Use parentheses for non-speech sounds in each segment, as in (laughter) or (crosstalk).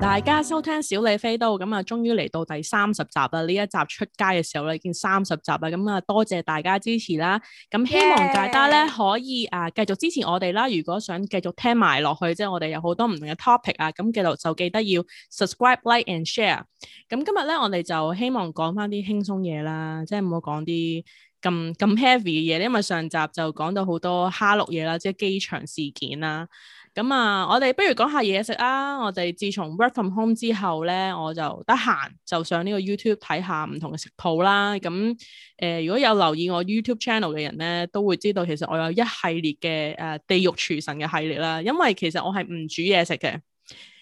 大家收聽小李飛刀咁啊，終於嚟到第三十集啦！呢一集出街嘅時候咧，已經三十集啦，咁、嗯、啊多謝大家支持啦！咁、嗯、希望大家咧可以啊繼續支持我哋啦。如果想繼續聽埋落去，即係我哋有好多唔同嘅 topic 啊，咁、嗯、記就記得要 subscribe、like and share。咁、嗯、今日咧，我哋就希望講翻啲輕鬆嘢啦，即係唔好講啲咁咁 heavy 嘅嘢，因為上集就講到好多蝦碌嘢啦，即係機場事件啦。咁啊，我哋不如講下嘢食啦。我哋自從 work from home 之後咧，我就得閒就上呢個 YouTube 睇下唔同嘅食譜啦。咁誒、呃，如果有留意我 YouTube channel 嘅人咧，都會知道其實我有一系列嘅誒、呃、地獄廚神嘅系列啦。因為其實我係唔煮嘢食嘅，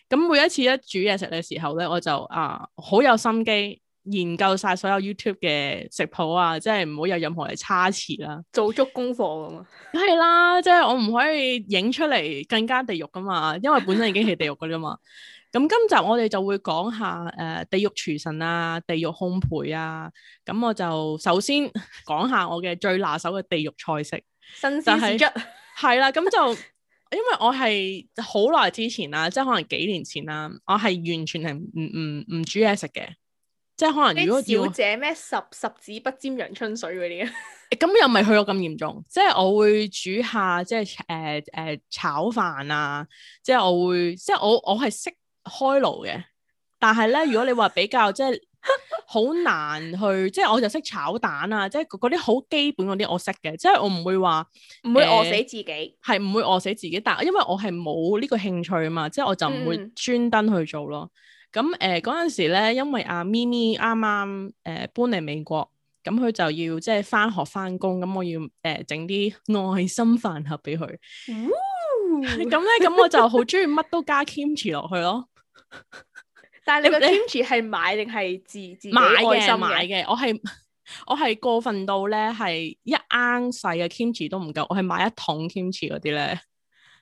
咁每一次一煮嘢食嘅時候咧，我就啊好、呃、有心機。研究晒所有 YouTube 嘅食譜啊，即係唔好有任何嘅差池啦、啊。做足功課噶嘛，梗係啦，即係我唔可以影出嚟更加地獄噶嘛，因為本身已經係地獄噶啫嘛。咁 (laughs) 今集我哋就會講下誒、呃、地獄廚神啊、地獄烘焙啊。咁我就首先講下我嘅最拿手嘅地獄菜式，新鮮之作，係啦。咁 (laughs) (laughs) 就因為我係好耐之前啦，即係可能幾年前啦，我係完全係唔唔唔煮嘢食嘅。即係可能，如果小姐咩，我十十指不沾陽春水嗰啲，咁又咪去到咁嚴重。即係我會煮下，即係誒誒炒飯啊。即係我會，即係我我係識開爐嘅。但係咧，如果你話比較即係好難去，即係我就識炒蛋啊。即係嗰啲好基本嗰啲我識嘅。即係我唔會話唔會餓死自己，呃，係唔會餓死自己。但係因為我係冇呢個興趣啊嘛，即係我就唔會專登去做咯。嗯咁誒嗰陣時咧，因為阿咪咪啱啱誒搬嚟美國，咁佢就要即係翻學翻工，咁我要誒整啲愛心飯盒俾佢。咁咧、哦，咁 (laughs) 我就好中意乜都加 kimchi 落去咯。但係你個 kimchi 係買定係自自買嘅的？買嘅，我係我係過分到咧，係一安士嘅 kimchi 都唔夠，我係買一桶 kimchi 嗰啲咧。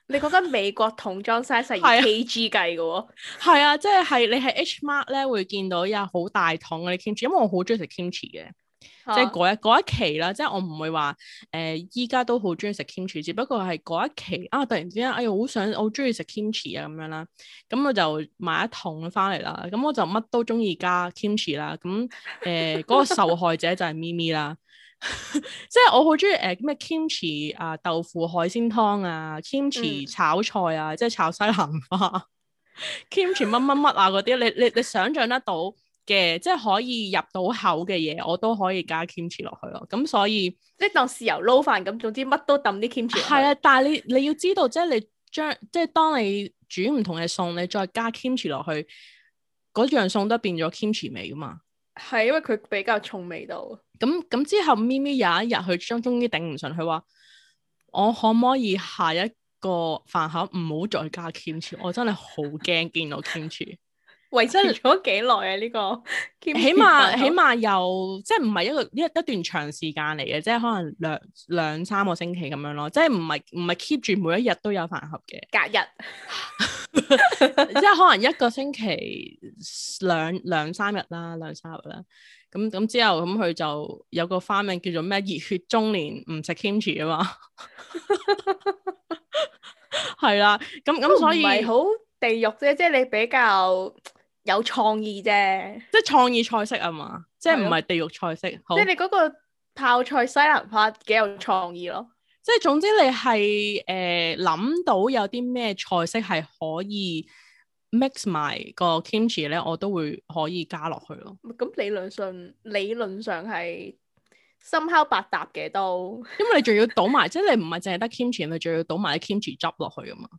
你覺得美國桶裝 size 係幾 kg 計嘅喎？係啊，即係係你喺 H Mart 咧會見到有好大桶嘅 kimchi，因為我好中意食 kimchi 嘅，即係嗰一一期啦。即係我唔會話誒，依家都好中意食 kimchi，只不過係嗰一期啊，突然之間，哎呀，好想好中意食 kimchi 啊咁樣啦。咁我就買一桶翻嚟啦。咁我就乜都中意加 kimchi 啦。咁誒，嗰 (laughs) 個受害者就係咪咪啦。 (laughs) 即係我好中意誒咩 kimchi 啊豆腐海鮮湯啊 kimchi 炒菜啊、嗯、即係炒西蘭花 kimchi 乜乜乜啊嗰啲你你你想象得到嘅即係可以入到口嘅嘢我都可以加 kimchi 落去咯咁所以即係當豉油撈飯咁總之乜都抌啲 kimchi 係啊但係你你要知道即係你將即係當你煮唔同嘅餸你再加 kimchi 落去嗰樣餸都變咗 kimchi 味㗎嘛係因為佢比較重味道。咁咁、嗯嗯、之後，咪咪有一日佢終終於頂唔順，佢話：我可唔可以下一個飯盒唔好再加 kimchi？我真係好驚見到 kimchi。維生咗幾耐啊？呢、這個 keep 起碼起碼有即係唔係一個一一段長時間嚟嘅，即係可能兩兩三個星期咁樣咯，即係唔係唔係 keep 住每一日都有飯盒嘅，隔日，即係可能一個星期兩兩三日啦，兩三日啦，咁咁之後咁佢就有個花名叫做咩？熱血中年唔食 kimchi 啊嘛，係啦， (laughs) 咁咁 đã 所以好地獄啫，Ministry, 即係你比較。有創意啫，即係創意菜式啊嘛，即係唔係地獄菜式。的好即係你嗰個泡菜西蘭花幾有創意咯。即係總之你係誒諗到有啲咩菜式係可以 mix 埋個 kimchi 咧，我都會可以加落去咯。咁理論上，理論上係深烤百搭嘅都。因為你仲要倒埋， (laughs) 即係你唔係淨係得 kimchi，你仲要倒埋啲 kimchi 汁落去啊嘛。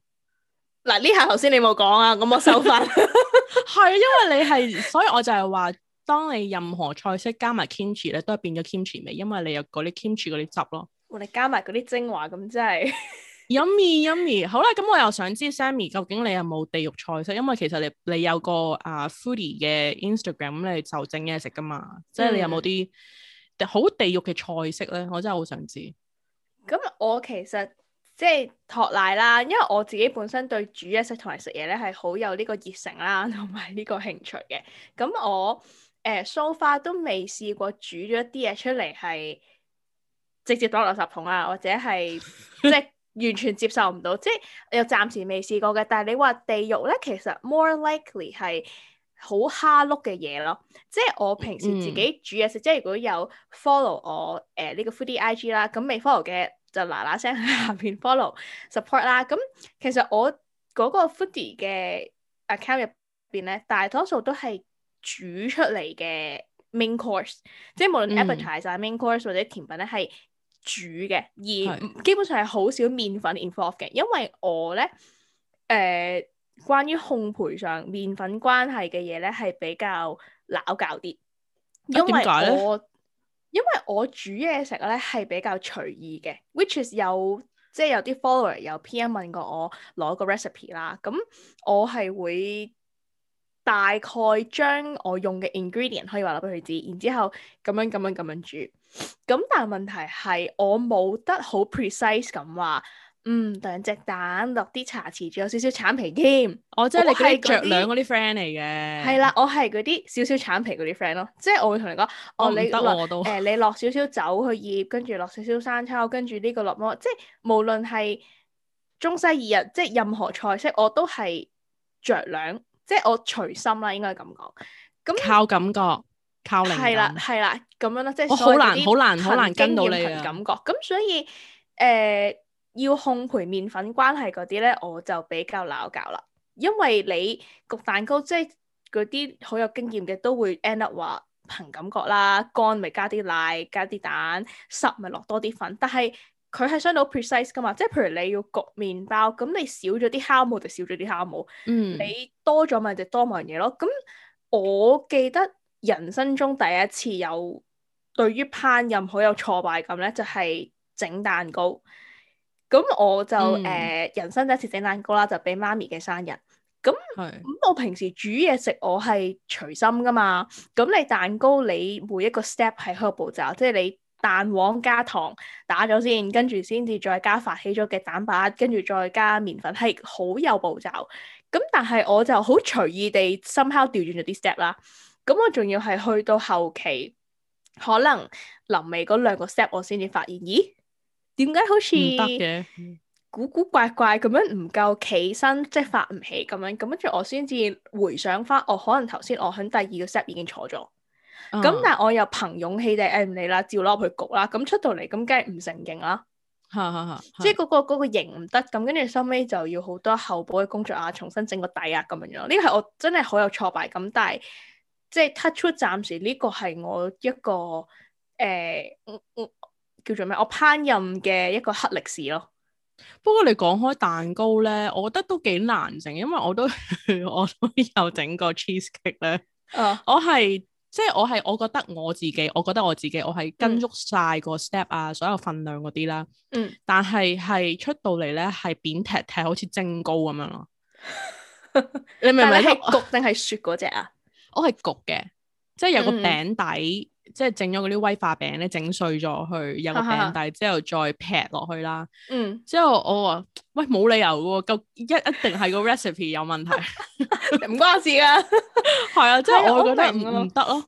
嗱呢下頭先你冇講啊，我冇手法。係啊，因為你係，所以我就係話， (laughs) 當你任何菜式加埋 kimchi 咧，都係變咗 kimchi 味，因為你有嗰啲 kimchi 嗰啲汁咯。我哋、哦、加埋嗰啲精華，咁真係。Yummy (laughs) yummy，好啦，咁我又想知 Sammy 究竟你有冇地獄菜式？因為其實你有、uh, agram, 你,嗯、你有個啊 foodie 嘅 Instagram，咁你就整嘢食噶嘛，即係你有冇啲好地獄嘅菜式咧？我真係好想知。咁、嗯、我其實。即係托奶啦，因為我自己本身對煮嘢食同埋食嘢咧係好有呢個熱誠啦，同埋呢個興趣嘅。咁我誒 so far 都未試過煮咗一啲嘢出嚟係直接倒落垃圾桶啊，或者係即係完全接受唔到， (laughs) 即係又暫時未試過嘅。但係你話地獄咧，其實 more likely 係好蝦碌嘅嘢咯。即係我平時自己煮嘢食，嗯、即係如果有 follow 我誒呢、呃呢個 foodie IG 啦，咁未 follow 嘅，就嗱嗱聲喺下面 follow support 啦。咁其實我嗰個 foodie 嘅 account 入邊咧，大多數都係煮出嚟嘅 main course，即係無論 appetizer 啊 main course 或者甜品咧，係煮嘅。而基本上係好少麵粉 involve 嘅，因為我咧誒、呃，關於烘焙上麵粉關係嘅嘢咧，係比較鬧搞啲。因為我、啊。為因為我煮嘢食咧係比較隨意嘅 (noise) ，which is 有即係有啲 follower 有 PM 問過我攞個 recipe 啦，咁我係會大概將我用嘅 ingredient 可以話攞俾佢知，然之後咁樣咁樣咁樣煮，咁但係問題係我冇得好 precise 咁話。嗯，兩隻蛋落啲茶匙，仲有少少橙皮添。哦，即係你嗰着兩嗰啲 friend 嚟嘅。係啦，我係嗰啲少少橙皮嗰啲 friend 咯。即係我會同你講，哦，你落，誒，你落少少酒去醃，跟住落少少生抽，跟住呢個落乜，即係無論係中式、日式，即係任何菜式，我都係着兩，即係我隨心啦，應該咁講。咁靠感覺，靠你。係啦，係啦，咁樣啦，即係好難，好難，好難跟到你啊！感覺咁所以誒。要烘焙麵粉關係嗰啲咧，我就比較鬧搞啦，因為你焗蛋糕即係嗰啲好有經驗嘅都會 end up 話憑感覺啦，乾咪加啲奶加啲蛋，濕咪落多啲粉。但係佢係想攞 precise 㗎嘛，即係譬如你要焗麵包，咁你少咗啲酵母就少咗啲酵母，嗯、你多咗咪就多埋樣嘢咯。咁我記得人生中第一次有對於烹飪好有挫敗感咧，就係整蛋糕。咁我就誒、嗯呃、人生第一次整蛋糕啦，就俾媽咪嘅生日。咁咁是我平時煮嘢食我係隨心噶嘛。咁你蛋糕你每一個 step 係有步驟，即係你蛋黃加糖打咗先，跟住先至再加發起咗嘅蛋白，跟住再加麵粉，係好有步驟。咁但係我就好隨意地 somehow 調轉咗啲 step 啦。咁我仲要係去到後期，可能臨尾嗰兩個 step 我先至發現，咦？點解好似古古怪怪咁樣唔夠企身， (noise) 即係發唔起咁樣？咁跟住我先至回想翻，哦，可能頭先我喺第二個 set 已經錯咗。咁、uh huh. 但係我又憑勇氣地「嗌你啦，照攞去焗啦。咁出到嚟咁梗係唔成形啦。Uh huh. 即係嗰、嗰個嗰、嗰個形唔得。咁跟住收尾就要好多後補嘅工作啊，重新整個底啊咁樣樣。呢個係我真係好有挫敗感。但係即係 touch out 暫時呢個係我一個誒，欸叫做咩？我烹飪嘅一個黑歷史咯。不過你講開蛋糕咧，我覺得都幾難整，因為我都 (laughs) 我都有整過 cheesecake 咧。啊、哦，我係即係我係，我覺得我自己，我覺得我自己，我係跟足晒個 step 啊，嗯、所有份量嗰啲啦。嗯。但係係出到嚟咧，係扁踢踢，好似蒸糕咁樣咯。 (laughs) (laughs) 你明唔不明？係 (laughs) 焗定係雪嗰隻啊？我係焗嘅，即係有個餅底。嗯嗯即係整咗嗰啲威化餅咧，整碎咗去有個餅底之後再劈落去啦。 (noise) 嗯，之後我話喂，冇理由噶，咁一一定係個 recipe 有問題，唔 (laughs) (laughs) 關我事噶。係 (laughs) 啊， (laughs) 即係我覺得唔唔得咯。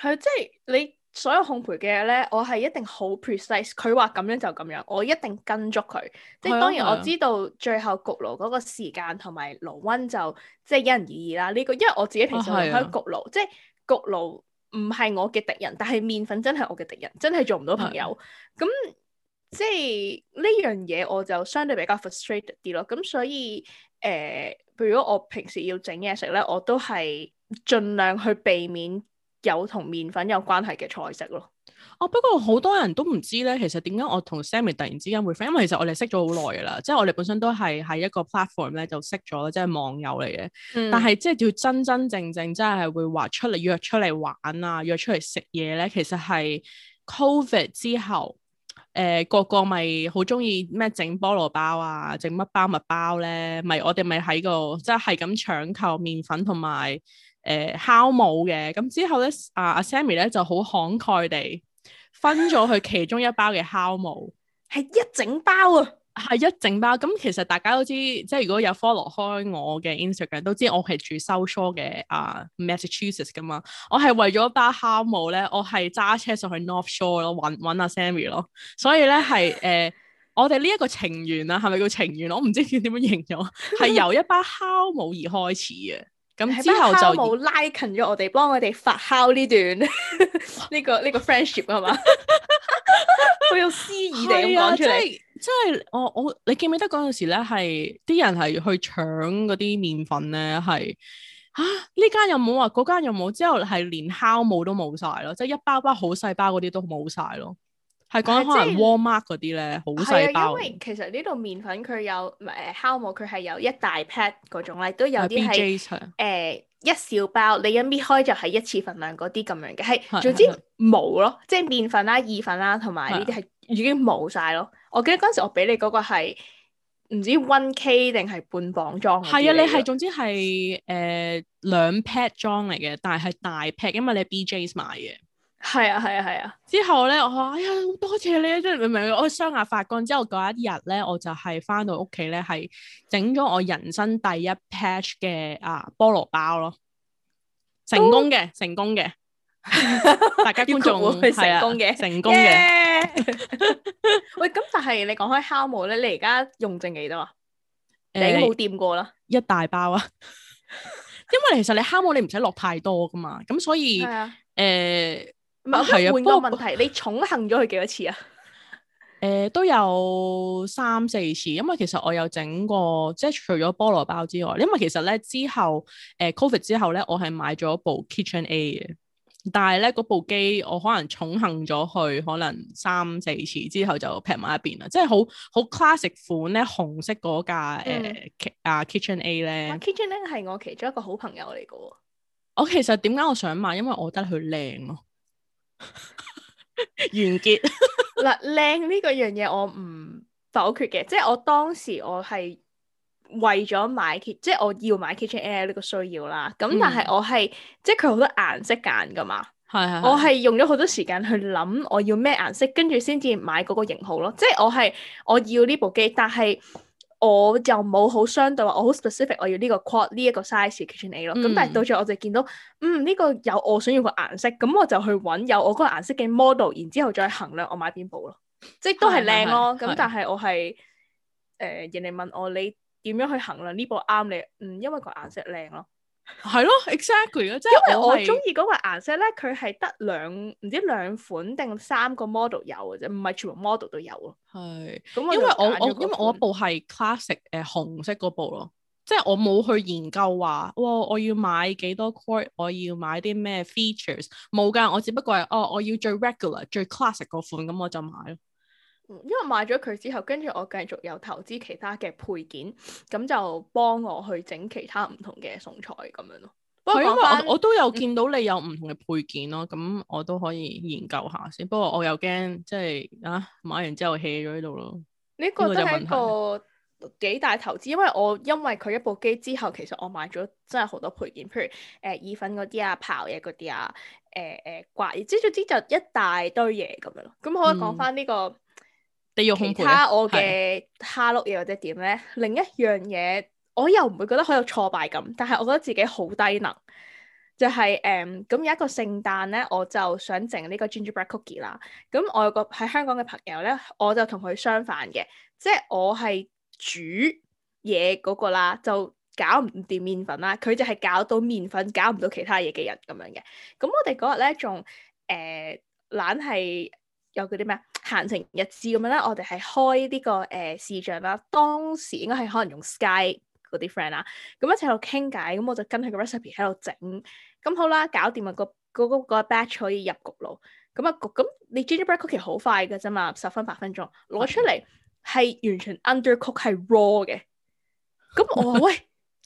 係，即係你所有烘焙嘅嘢咧，我係一定好 precise。佢話咁樣就咁樣，我一定跟足佢。即係當然我知道最後焗爐嗰個時間同埋爐溫就即係因人而異啦。呢、這個因為我自己平時唔喺焗爐，即係 (noise) 對焗爐。唔係我嘅敵人，但係麵粉真係我嘅敵人，真係做唔到朋友。咁、嗯、即係呢樣嘢，我就相對比較 frustrated 啲咯。咁所以，誒、呃，譬如果我平時要整嘢食咧，我都係盡量去避免有同麵粉有關係嘅菜式咯。哦，不過好多人都唔知咧，其實點解我同 Sammy 突然之間會 friend？因為其實我哋識咗好耐噶啦，即係我哋本身都係喺一個 platform 咧就識咗，即係網友嚟嘅。嗯、但係即係要真真正正真，真係會話出嚟約出嚟玩啊，約出嚟食嘢咧，其實係 COVID 之後，誒、呃、個個咪好中意咩整菠蘿包啊，整乜包乜包咧，咪我哋咪喺個即係係咁搶購麵粉同埋。誒，酵母嘅。咁之後咧，阿、啊、Sammy 咧就好慷慨地分咗佢其中一包嘅酵母，係 (laughs) 一整包啊，係 (laughs) 一整包。咁其實大家都知，即係如果有 follow 開我嘅 Instagram，都知我係住 South Shore 嘅啊 Massachusetts 噶嘛。我係為咗一包酵母咧，我係揸車上去 North Shore 咯，搵搵阿 Sammy 咯。所以咧係誒，我哋呢一個情緣啊，係咪叫情緣？我唔知佢點樣形容，係 (laughs) 由一包酵母而開始嘅。咁之後就冇拉近咗我哋，幫佢哋發酵呢段呢 (laughs) (laughs) 呢個呢、呢個 friendship 係嘛？ (laughs) (laughs) (laughs) 好有詩意地咁講出嚟，即係、哦、我我你記唔記得嗰陣時咧，係啲人係去搶嗰啲麵粉咧，係嚇呢間又冇，話嗰間又冇，之後係連酵母都冇晒咯，即係一包包好細包嗰啲都冇晒咯。係講緊可能 Walmart 嗰啲咧，好細、係就係、包。係啊，因為其實呢度麵粉佢有誒酵母，佢、呃、係有一大 pack 嗰種咧，都有啲係誒一小包。你一搣開就係一次份量嗰啲咁樣嘅。係的總之冇咯，的即係麵粉啦、意粉啦，同埋呢啲係已經冇晒咯。的我記得嗰陣時我俾你嗰個係唔知 one k 定係半磅裝。係啊，你係總之係誒、呃、兩 pack 裝嚟嘅，但係係大 pack，因為你 BJ's 買嘅。係啊，係啊，係啊！啊啊，之後咧，我話哎呀，多謝你，啊。即係明明我雙眼發光之後嗰一日咧，我就係翻到屋企咧，係整咗我人生第一 patch 嘅啊菠蘿包咯，成功嘅，嗯、成功嘅， (laughs) 大家觀眾 (laughs) 會成功嘅，成功嘅。Yeah! (laughs) (laughs) 喂，咁但係你講開酵母咧，你而家用剩幾多啊？已經冇掂過啦，一大包啊！ (laughs) 因為其實你酵母你唔使落太多噶嘛，咁所以誒。唔係啊，換個問題，是你重行寵幸咗佢幾多次啊？誒、呃，都有三四次，因為其實我有整過，即係除咗菠蘿包之外，因為其實咧之後誒、呃、Covid 之後咧，我係買咗部 Kitchen A 嘅，但係咧嗰部機我可能寵幸咗佢可能三四次之後就劈埋一邊啦。即係好好 classic 款咧，紅色嗰架誒、呃嗯、啊 Kitchen A 咧、啊、Kitchen A 係我其中一個好朋友嚟嘅。我其實點解我想買，因為我覺得佢靚咯。 (laughs) 完結嗱，靚 (laughs) 呢個樣嘢我唔否決嘅，即係我當時我係為咗買 K，即係我要買 K T L 呢個需要啦。咁但係我係、嗯、即係佢好多顏色揀噶嘛，係係，我係用咗好多時間去諗我要咩顏色，跟住先至買嗰個型號咯。即係我係我要呢部機，但係。我又冇好相對話，我好 specific 我要呢個闊呢一個 size 嘅 Kitchen A 咯。咁但係到最後我就見到，嗯呢、這個有我想要個顏色，咁我就去揾有我嗰個顏色嘅 model，然之後再衡量我買邊部咯。即係都係靚咯，咁但係我係誒是、呃、人哋問我你點樣去衡量呢部啱你？嗯，因為個顏色靚咯。係咯，exactly 咯，即係 (laughs) (laughs) 因為我中意嗰個顏色咧，佢係得兩唔知兩款定三個 model 有嘅啫，唔係全部 model 都有咯。係是，因為我我因為我部係 classic 誒、呃、紅色嗰部咯，即係我冇去研究話，哇我要買幾多 quart 款，我要買啲咩 features，冇噶，我只不過係哦我要最 regular 最 classic 嗰款，咁我就買咯。因為買咗佢之後，跟住我繼續有投資其他嘅配件，咁就幫我去整其他唔同嘅餸菜咁樣咯。不過因為我我都有見到你有唔同嘅配件咯，咁、嗯、我都可以研究下先。不過我又驚即係啊買完之後棄咗喺度咯。呢個係一個幾大投資，因為我因為佢一部機之後，其實我買咗真係好多配件，譬如誒意、呃、粉嗰啲啊、刨嘢嗰啲啊、誒、呃、誒刮，即總之就一大堆嘢咁樣咯。咁可以講翻呢個。你用其他我嘅蝦碌嘢或者點咧？是的 另一樣嘢我又唔會覺得好有挫敗感，但係我覺得自己好低能。就係誒咁有一個聖誕咧，我就想整呢個 gingerbread cookie 啦。咁我有個喺香港嘅朋友咧，我就同佢相反嘅，即係我係煮嘢嗰個啦，就搞唔掂麵粉啦，佢就係搞到麵粉，搞唔到其他嘢嘅人咁樣嘅。咁我哋嗰日咧仲誒懶係有嗰啲咩啊？行程日誌咁樣咧，我哋係開呢、呢個誒視像啦。當時應該係可能用 Sky 嗰啲 friend 啦，咁一齊度傾偈，咁我就跟佢個 recipe 喺度整。咁好啦，搞掂啊、嗰個嗰、嗰個、嗰個 batch 可以入焗爐。咁啊焗，咁你 gingerbread cookie 好快嘅啫嘛，十分八分鐘攞出嚟係、嗯、完全 undercook 係 raw 嘅。咁我 (laughs) 喂，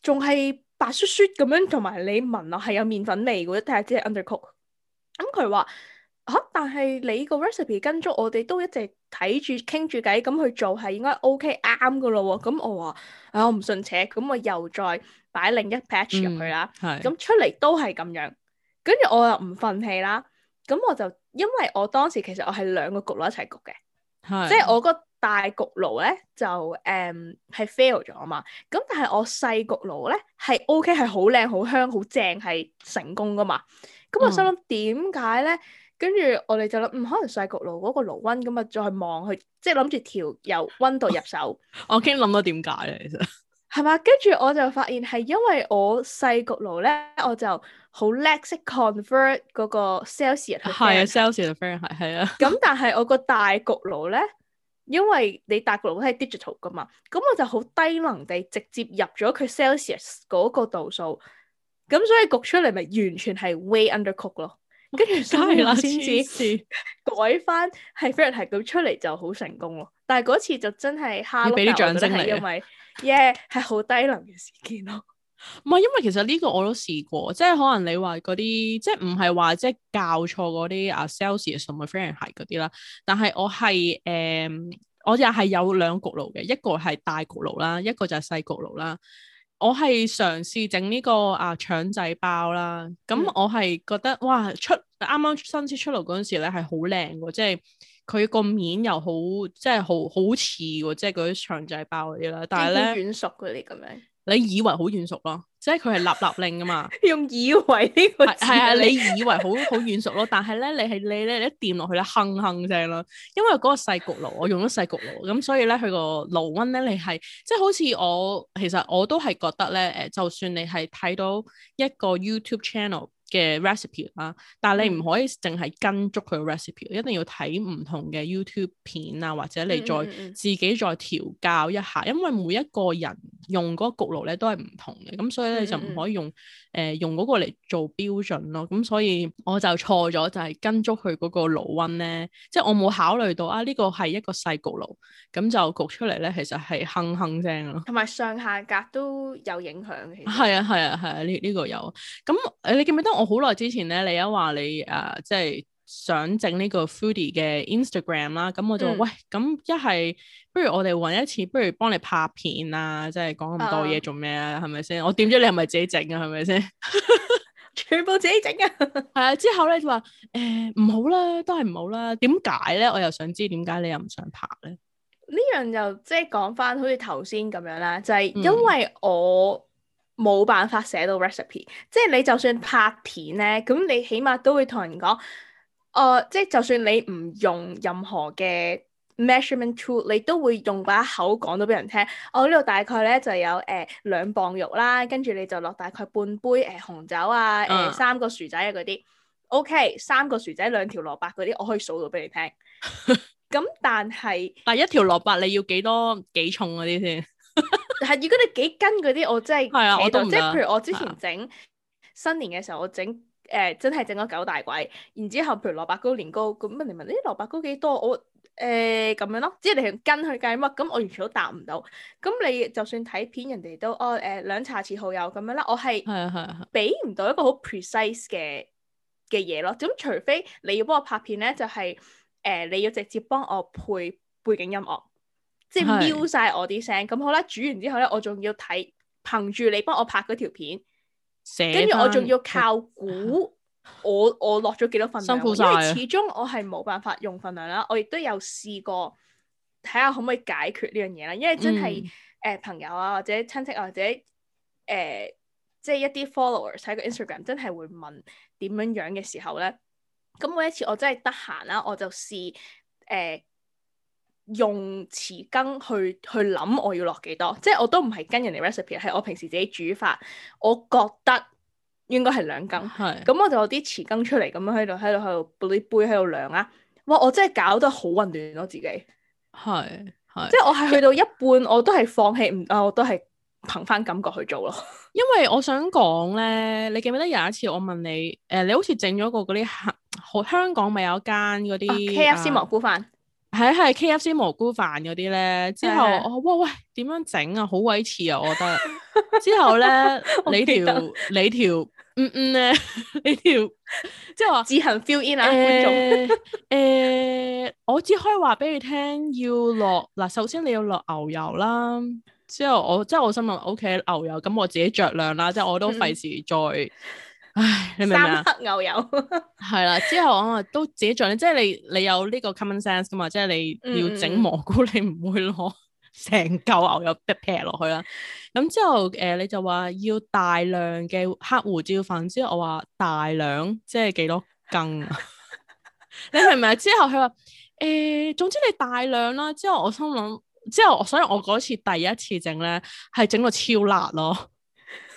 仲係白雪雪咁樣，同埋你聞落係有麵粉味嘅，但係只係 undercook。咁佢話。嚇、啊！但係你個 recipe 跟足，我哋都一直睇住傾住偈咁去做，係應該 OK 啱噶咯喎。咁我話：，誒我唔信邪，咁我又再擺另一 patch 入去啦。係咁、嗯、出嚟都係咁樣，跟住我又唔憤氣啦。咁我就、嗯、因為我當時其實我係兩個焗爐一齊焗嘅，是即係我個大焗爐咧就誒係 fail 咗啊嘛。咁但係我細焗爐咧係 O K 係好靚、好、OK, 香、好正係成功噶嘛。咁、嗯、我心諗點解咧？跟住我哋就諗，唔可能細焗爐嗰個爐溫，咁啊再望去，即係諗住調由溫度入手。 (laughs) 我驚諗到點解咧，其實係嘛？跟住我就發現係因為我細焗爐咧，我就好叻識 convert 嗰個 brand, Celsius 係啊 Celsius 同 Fahrenheit 係啊。咁、啊啊、 (laughs) 但係我個大焗爐咧，因為你大焗爐都係 digital 噶嘛，咁我就好低能地直接入咗佢 Celsius 嗰個度數，咁所以焗出嚟咪完全係 way undercook 咯。跟住三年先至改翻係 Fahrenheit 咁出嚟就好成功咯，但係嗰次就真係蝦俾啲掌聲嚟，因為耶係好低能嘅事件咯。唔係因為其實呢個我都試過，即係可能你話嗰啲即係唔係話即係教錯嗰啲啊 Celsius 同埋 Fahrenheit 嗰啲啦，但係我係誒、呃，我又係有兩焗爐嘅，一個係大焗爐啦，一個就係細焗爐啦。我係嘗試整呢個啊腸仔包啦，咁我係覺得、嗯、哇，出啱啱新鮮出爐嗰陣時咧係好靚喎，即係佢個面又好，即係好好似喎，即係嗰啲腸仔包嗰啲啦，但係咧，軟熟啲咁樣。你以為好軟熟咯，即係佢係立立令噶嘛？ (laughs) 用以為呢個係啊， (laughs) 你以為好好軟熟咯，但係咧，你係你咧，你一掂落去咧，哼哼聲咯。因為嗰個細焗爐，我用咗細焗爐，咁所以咧，佢個爐溫咧，你係即係好似我，其實我都係覺得咧，誒，就算你係睇到一個 YouTube channel。嘅 recipe 啦，但係你唔可以淨係跟足佢嘅 recipe，一定要睇唔同嘅 YouTube 片啊，或者你再自己再調教一下，因為每一個人用嗰焗爐咧都係唔同嘅，咁所以咧就唔可以用誒用嗰個嚟做標準咯。咁所以我就錯咗，就係跟足佢嗰個爐溫咧，即係我冇考慮到啊呢個係一個細焗爐，咁就焗出嚟咧其實係哼哼聲咯。同埋上下格都有影響，其實係啊係啊係啊，呢呢個有。咁誒，你記唔記得我？好耐之前咧，你一話你誒、啊，即係想整呢個 Foodie 嘅 Instagram 啦，咁我就、嗯、喂，咁一係不如我哋搵一次，不如幫你拍片啊，即係講咁多嘢做咩啊？係咪先？我點知你係咪自己整啊？係咪先？ (laughs) 全部自己整啊！係啊，之後咧就話誒，唔、欸、好啦，都係唔好啦。點解咧？我又想知點解你又唔想拍咧？呢樣就即係講翻好似頭先咁樣啦，就係、是、因為我、嗯。冇辦法寫到 recipe，即係你就算拍片咧，咁你起碼都會同人講，哦、呃，即係就算你唔用任何嘅 measurement tool，你都會用把口講到俾人聽。我呢度大概咧就有誒、呃、兩磅肉啦，跟住你就落大概半杯誒、呃、紅酒啊，誒、呃、三個薯仔啊嗰啲，OK，三個薯仔兩條蘿蔔嗰啲，我可以數到俾你聽。咁 (laughs) 但係，但一條蘿蔔你要幾多幾重嗰啲先？ (laughs) 係，如果你幾斤嗰啲，我真係起動，啊、即係譬如我之前整、啊、新年嘅時候我，我整誒真係整咗九大鬼，然之後譬如蘿蔔糕、年糕，咁問你問呢啲蘿蔔糕幾多、多？我誒咁、呃、樣咯，即係你用斤去計乜？咁我完全都答唔到。咁你就算睇片，人哋都哦誒兩、呃、茶匙好友咁樣啦。我係係啊俾唔、啊、到一個好 precise 嘅嘅嘢咯。咁除非你要幫我拍片咧，就係、是、誒、呃、你要直接幫我配背景音樂。即係瞄晒我啲聲，咁是好啦。煮完之後咧，我仲要睇，憑住你幫我拍嗰條片，跟住單我仲要靠估我 (laughs) 我落咗幾多份量。辛苦。因為始終我係冇辦法用份量啦。我亦都有試過睇下可唔可以解決呢樣嘢啦。因為真係誒、嗯呃、朋友啊，或者親戚啊，或者誒、呃、即係一啲 followers 喺個 Instagram 真係會問點樣樣嘅時候咧。咁每一次我真係得閒啦，我就試誒。呃用匙羹去去諗我要落幾多，即係我都唔係跟人哋 recipe，係我平時自己煮法，我覺得應該係兩羹。係咁我就攞啲匙羹出嚟，咁樣喺度喺度喺度啲杯喺度量啊。哇！我真係搞得好混亂咯，自己係係，即係我係去到一半，我都係放棄唔，我都係憑翻感覺去做咯。因為我想講咧，你記唔記得有一次我問你，誒，你好似整咗個嗰啲香好香港咪有一間嗰啲 KFC 蘑菇飯？喺係 K F C 蘑菇飯嗰啲咧，之後我的哇喂，點樣整啊？好鬼似啊！我覺得、啊、 (laughs) 之後咧， (laughs) 你條 (laughs) 你條嗯嗯咧， (laughs) 你條即係話自行 fill in 啊，觀眾。誒，我只可以話俾你聽，要落嗱，首先你要落牛油啦。之後我即係我心諗 O K 牛油，咁我自己着量啦。即係我都費事再。唉，你明唔明啊？三黑牛油，係 (laughs) 啦，之後我咪都自己做，即係你你有呢個 common sense 噶嘛，嗯、即係你要整蘑菇，你唔會攞成嚿牛油劈劈落去啦。咁之後誒、呃，你就話要大量嘅黑胡椒粉，之後我話大量，即係幾多斤？啊？ (laughs) 你明唔明？ (laughs) 之後佢話誒，總之你大量啦。之後我心諗，之後所以我嗰次第一次整咧，係整到超辣咯。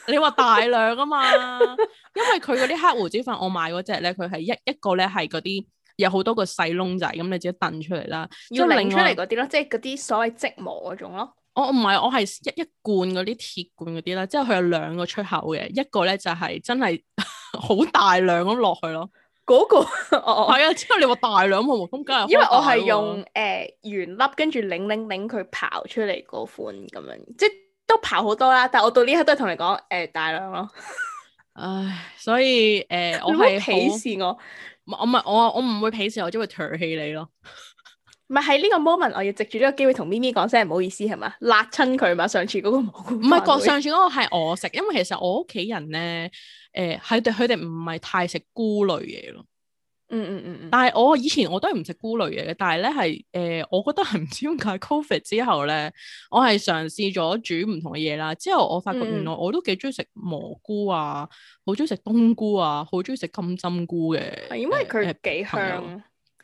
你話大量啊嘛， (laughs) 因為佢嗰啲黑胡椒粉，我買嗰隻咧，佢係一一個咧，係嗰啲有好多個細窿仔，咁你只墩出嚟啦，要擰出嚟嗰啲咯，即係嗰啲所謂即磨嗰種咯。我唔係，我係一一罐嗰啲鐵罐嗰啲啦，即係佢有兩個出口嘅，一個咧就係真係好 (laughs) 大量咁落去咯。嗰、嗰個係、哦、啊，之後你話大量喎，咁梗係因為我係用誒圓、 (laughs) 呃、粒，跟住擰擰擰佢刨出嚟嗰款咁樣，即都跑好多啦，但係我到呢刻都係同你講，誒、呃、大量咯。 (laughs) 唉，所以誒、呃，我係鄙視我，唔我唔我我唔會鄙視，我只會唾棄你咯。唔係喺呢個 moment，我要藉住呢個機會同咪咪講聲唔好意思係嘛，辣親佢嘛，上次嗰、嗰個唔係，過 (laughs) (laughs) 上次嗰個係我食，因為其實我屋企人咧，誒、呃，佢哋佢哋唔係太食菇類嘢咯。嗯嗯嗯，但係我以前我都係唔食菇類嘢嘅，但係咧，係誒，我覺得係唔知點解 COVID 之後咧，我係嘗試咗煮唔同嘅嘢啦。之後我發覺原來我都幾中意食蘑菇啊，好中意食冬菇啊，好中意食金針菇嘅。係因為佢幾香，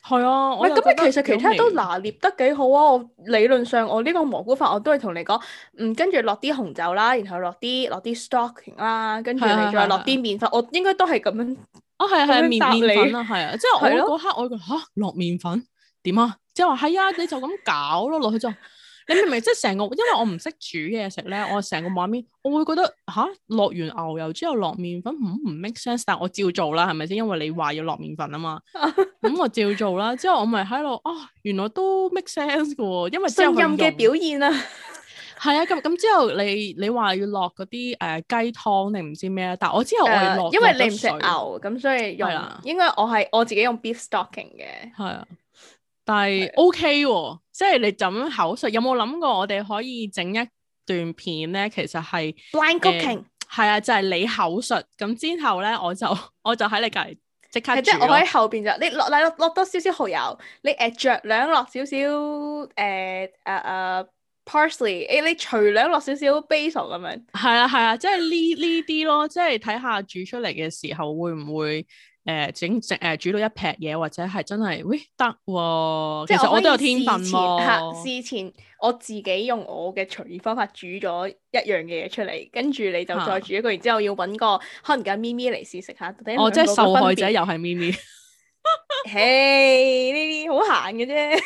係、呃、啊。喂，咁其實其他都拿捏得幾好啊。我理論上我呢個蘑菇法我都係同你講，嗯，跟住落啲紅酒啦，然後落啲落啲 stocking 啦，跟住、啊、你再落啲麵粉、啊，啊、我應該都係咁樣。哦，係啊，係麵麵粉啊，係啊，即係我嗰刻我覺得吓落麵粉點啊？即係話係啊，你就咁搞咯落去就，你明唔明？即係成個，因為我唔識煮嘢食咧，我成個畫面我會覺得吓落、啊 (laughs) 啊、完牛油之後落麵粉唔唔、嗯、make sense，但係我照做啦，係咪先？因為你話要落麵粉啊嘛，咁、 (laughs) 嗯、我照做啦。之後我咪喺度啊，原來都 make sense 噶，因為信任嘅表現啊。係啊，咁咁之後你你話要落嗰啲誒雞湯定唔知咩啊？但係我之後我係落、呃、因為你唔食牛咁，水所以用的應該我係我自己用 beef stocking 嘅。係啊，但係的 OK 即係你就口述，有冇諗過我哋可以整一段片咧？其實係 blind cooking 係啊，就係、是、你口述，咁之後咧我就我就喺你隔籬即刻即係我喺後邊就你落嚟落，落，落，落多少少蠔油，你誒著兩落少少誒啊啊！啊 parsley，誒、欸、你除兩落少少 basil 咁樣、啊，係啊係啊，即係呢呢啲咯，即係睇下煮出嚟嘅時候會唔會誒、呃、整整誒、呃、煮到一劈嘢，或者係真係，喂得喎，其實、啊、我都有天分咯、啊。事前我自己用我嘅除方法煮咗一樣嘅嘢出嚟，跟住你就再煮一個，啊、然之後要揾個可能揀咪咪嚟試食下，睇下兩個分別哦，即係受害者又係咪咪。 (laughs) 嘿，呢啲好閒嘅啫，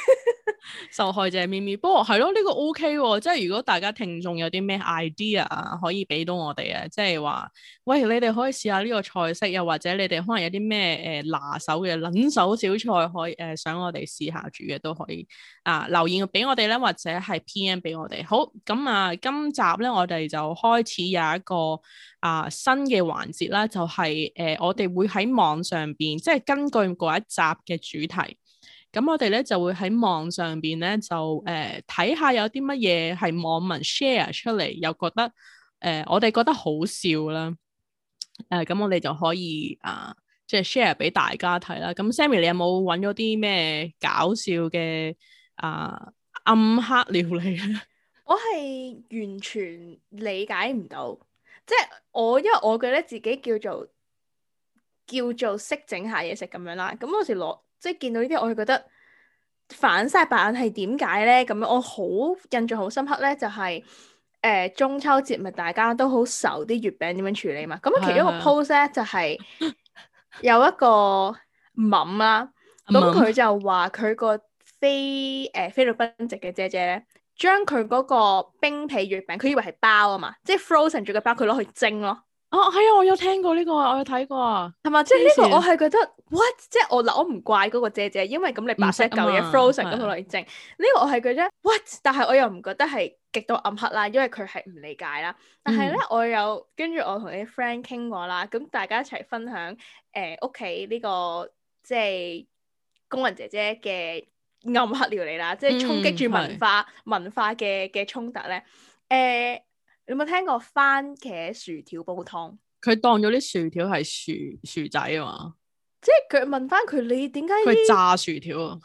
受害者咪咪，不過係咯，呢個 OK 喎，即係如果大家聽眾有啲咩 idea 可以俾到我哋啊，即係話，喂，你哋可以試下呢個菜式，又或者你哋可能有啲咩誒拿手嘅撚手小菜，可以誒、呃、想我哋試下煮嘅都可以啊，留言俾我哋咧，或者係 PM 俾我哋。好，咁啊，今集咧我哋就開始有一個。啊，新嘅環節啦，就係、是、誒、呃，我哋會喺網上邊，即係根據嗰一集嘅主題，咁我哋咧就會喺網上邊咧就誒睇下有啲乜嘢係網民 share 出嚟，又覺得誒、呃、我哋覺得好笑啦。誒、呃、咁我哋就可以啊、呃，即係 share 俾大家睇啦。咁 Sammy 你有冇揾咗啲咩搞笑嘅啊、呃、暗黑料理咧？我係完全理解唔到。即係我，因為我覺得自己叫做叫做識整下嘢食咁樣啦。咁有時攞即係見到呢啲，我就覺得反晒白眼，係點解咧？咁樣我好印象好深刻咧、就是，就係誒中秋節咪大家都好愁啲月餅點樣處理嘛。咁啊，其中一個 post 咧 (laughs) 就係有一個敏、啊」啦。 (laughs) 咁佢就話佢個菲誒菲律賓籍嘅姐姐咧。將佢嗰個冰皮月餅，佢以為係包啊嘛，即係 frozen 住嘅包，佢攞去蒸咯。哦，係啊，我有聽過呢、呢個，我有睇過啊。係嘛， (laughs) 即係呢個我係覺得 what，即係我嗱，我唔怪嗰個姐姐，因為咁你白色舊嘢 frozen 咁落去蒸。呢個我係覺得 what，但係我又唔覺得係極度暗黑啦，因為佢係唔理解啦。但係咧，嗯、我有跟住我同你啲 friend 傾過啦，咁大家一齊分享誒屋企呢個即係工人姐姐嘅。暗黑料理啦，即係衝擊住文化文化嘅嘅衝突咧。誒，有冇聽過番茄薯條煲湯？佢當咗啲薯條係薯薯仔啊嘛。即係佢問翻佢，你點解要炸薯條啊？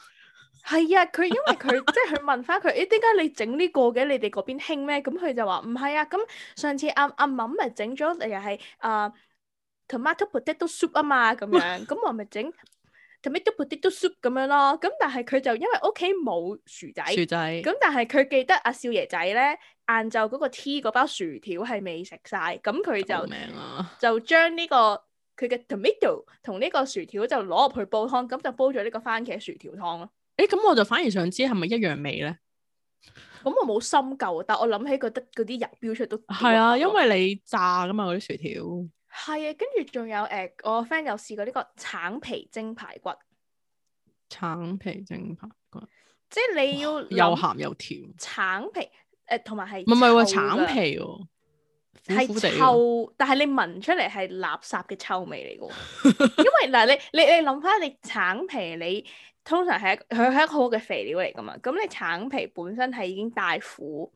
係啊，佢因為佢即係佢問翻佢，誒，點解你整呢個嘅？你哋嗰邊興咩？咁佢就話唔係啊。咁上次阿阿敏咪整咗，又係啊，tomato potato soup 啊嘛，咁樣。咁我咪整。tomato potato soup 咁樣咯，咁但係佢就因為屋企冇薯仔，薯仔。咁但係佢記得阿少爺仔咧晏晝嗰個 T 嗰包薯條係未食晒，咁佢、啊、就就將呢個佢嘅 tomato 同呢個薯條就攞入去煲湯，咁就煲咗呢個番茄薯條湯咯。誒、欸，咁我就反而想知係咪一樣味咧？咁我冇深究，但我諗起覺得嗰啲油飆出都係啊，因為你炸噶嘛嗰啲薯條。係啊，跟住仲有誒、呃，我 friend 有試過呢個橙皮蒸排骨。橙皮蒸排骨，即係你要又鹹又甜。橙皮誒，同埋係唔係喎橙皮喎，哦，係臭，但係你聞出嚟係垃圾嘅臭味嚟噶。 (laughs) 因為嗱，你你你諗翻，你橙皮你通常係一佢係一個好嘅肥料嚟噶嘛，咁你橙皮本身係已經帶苦。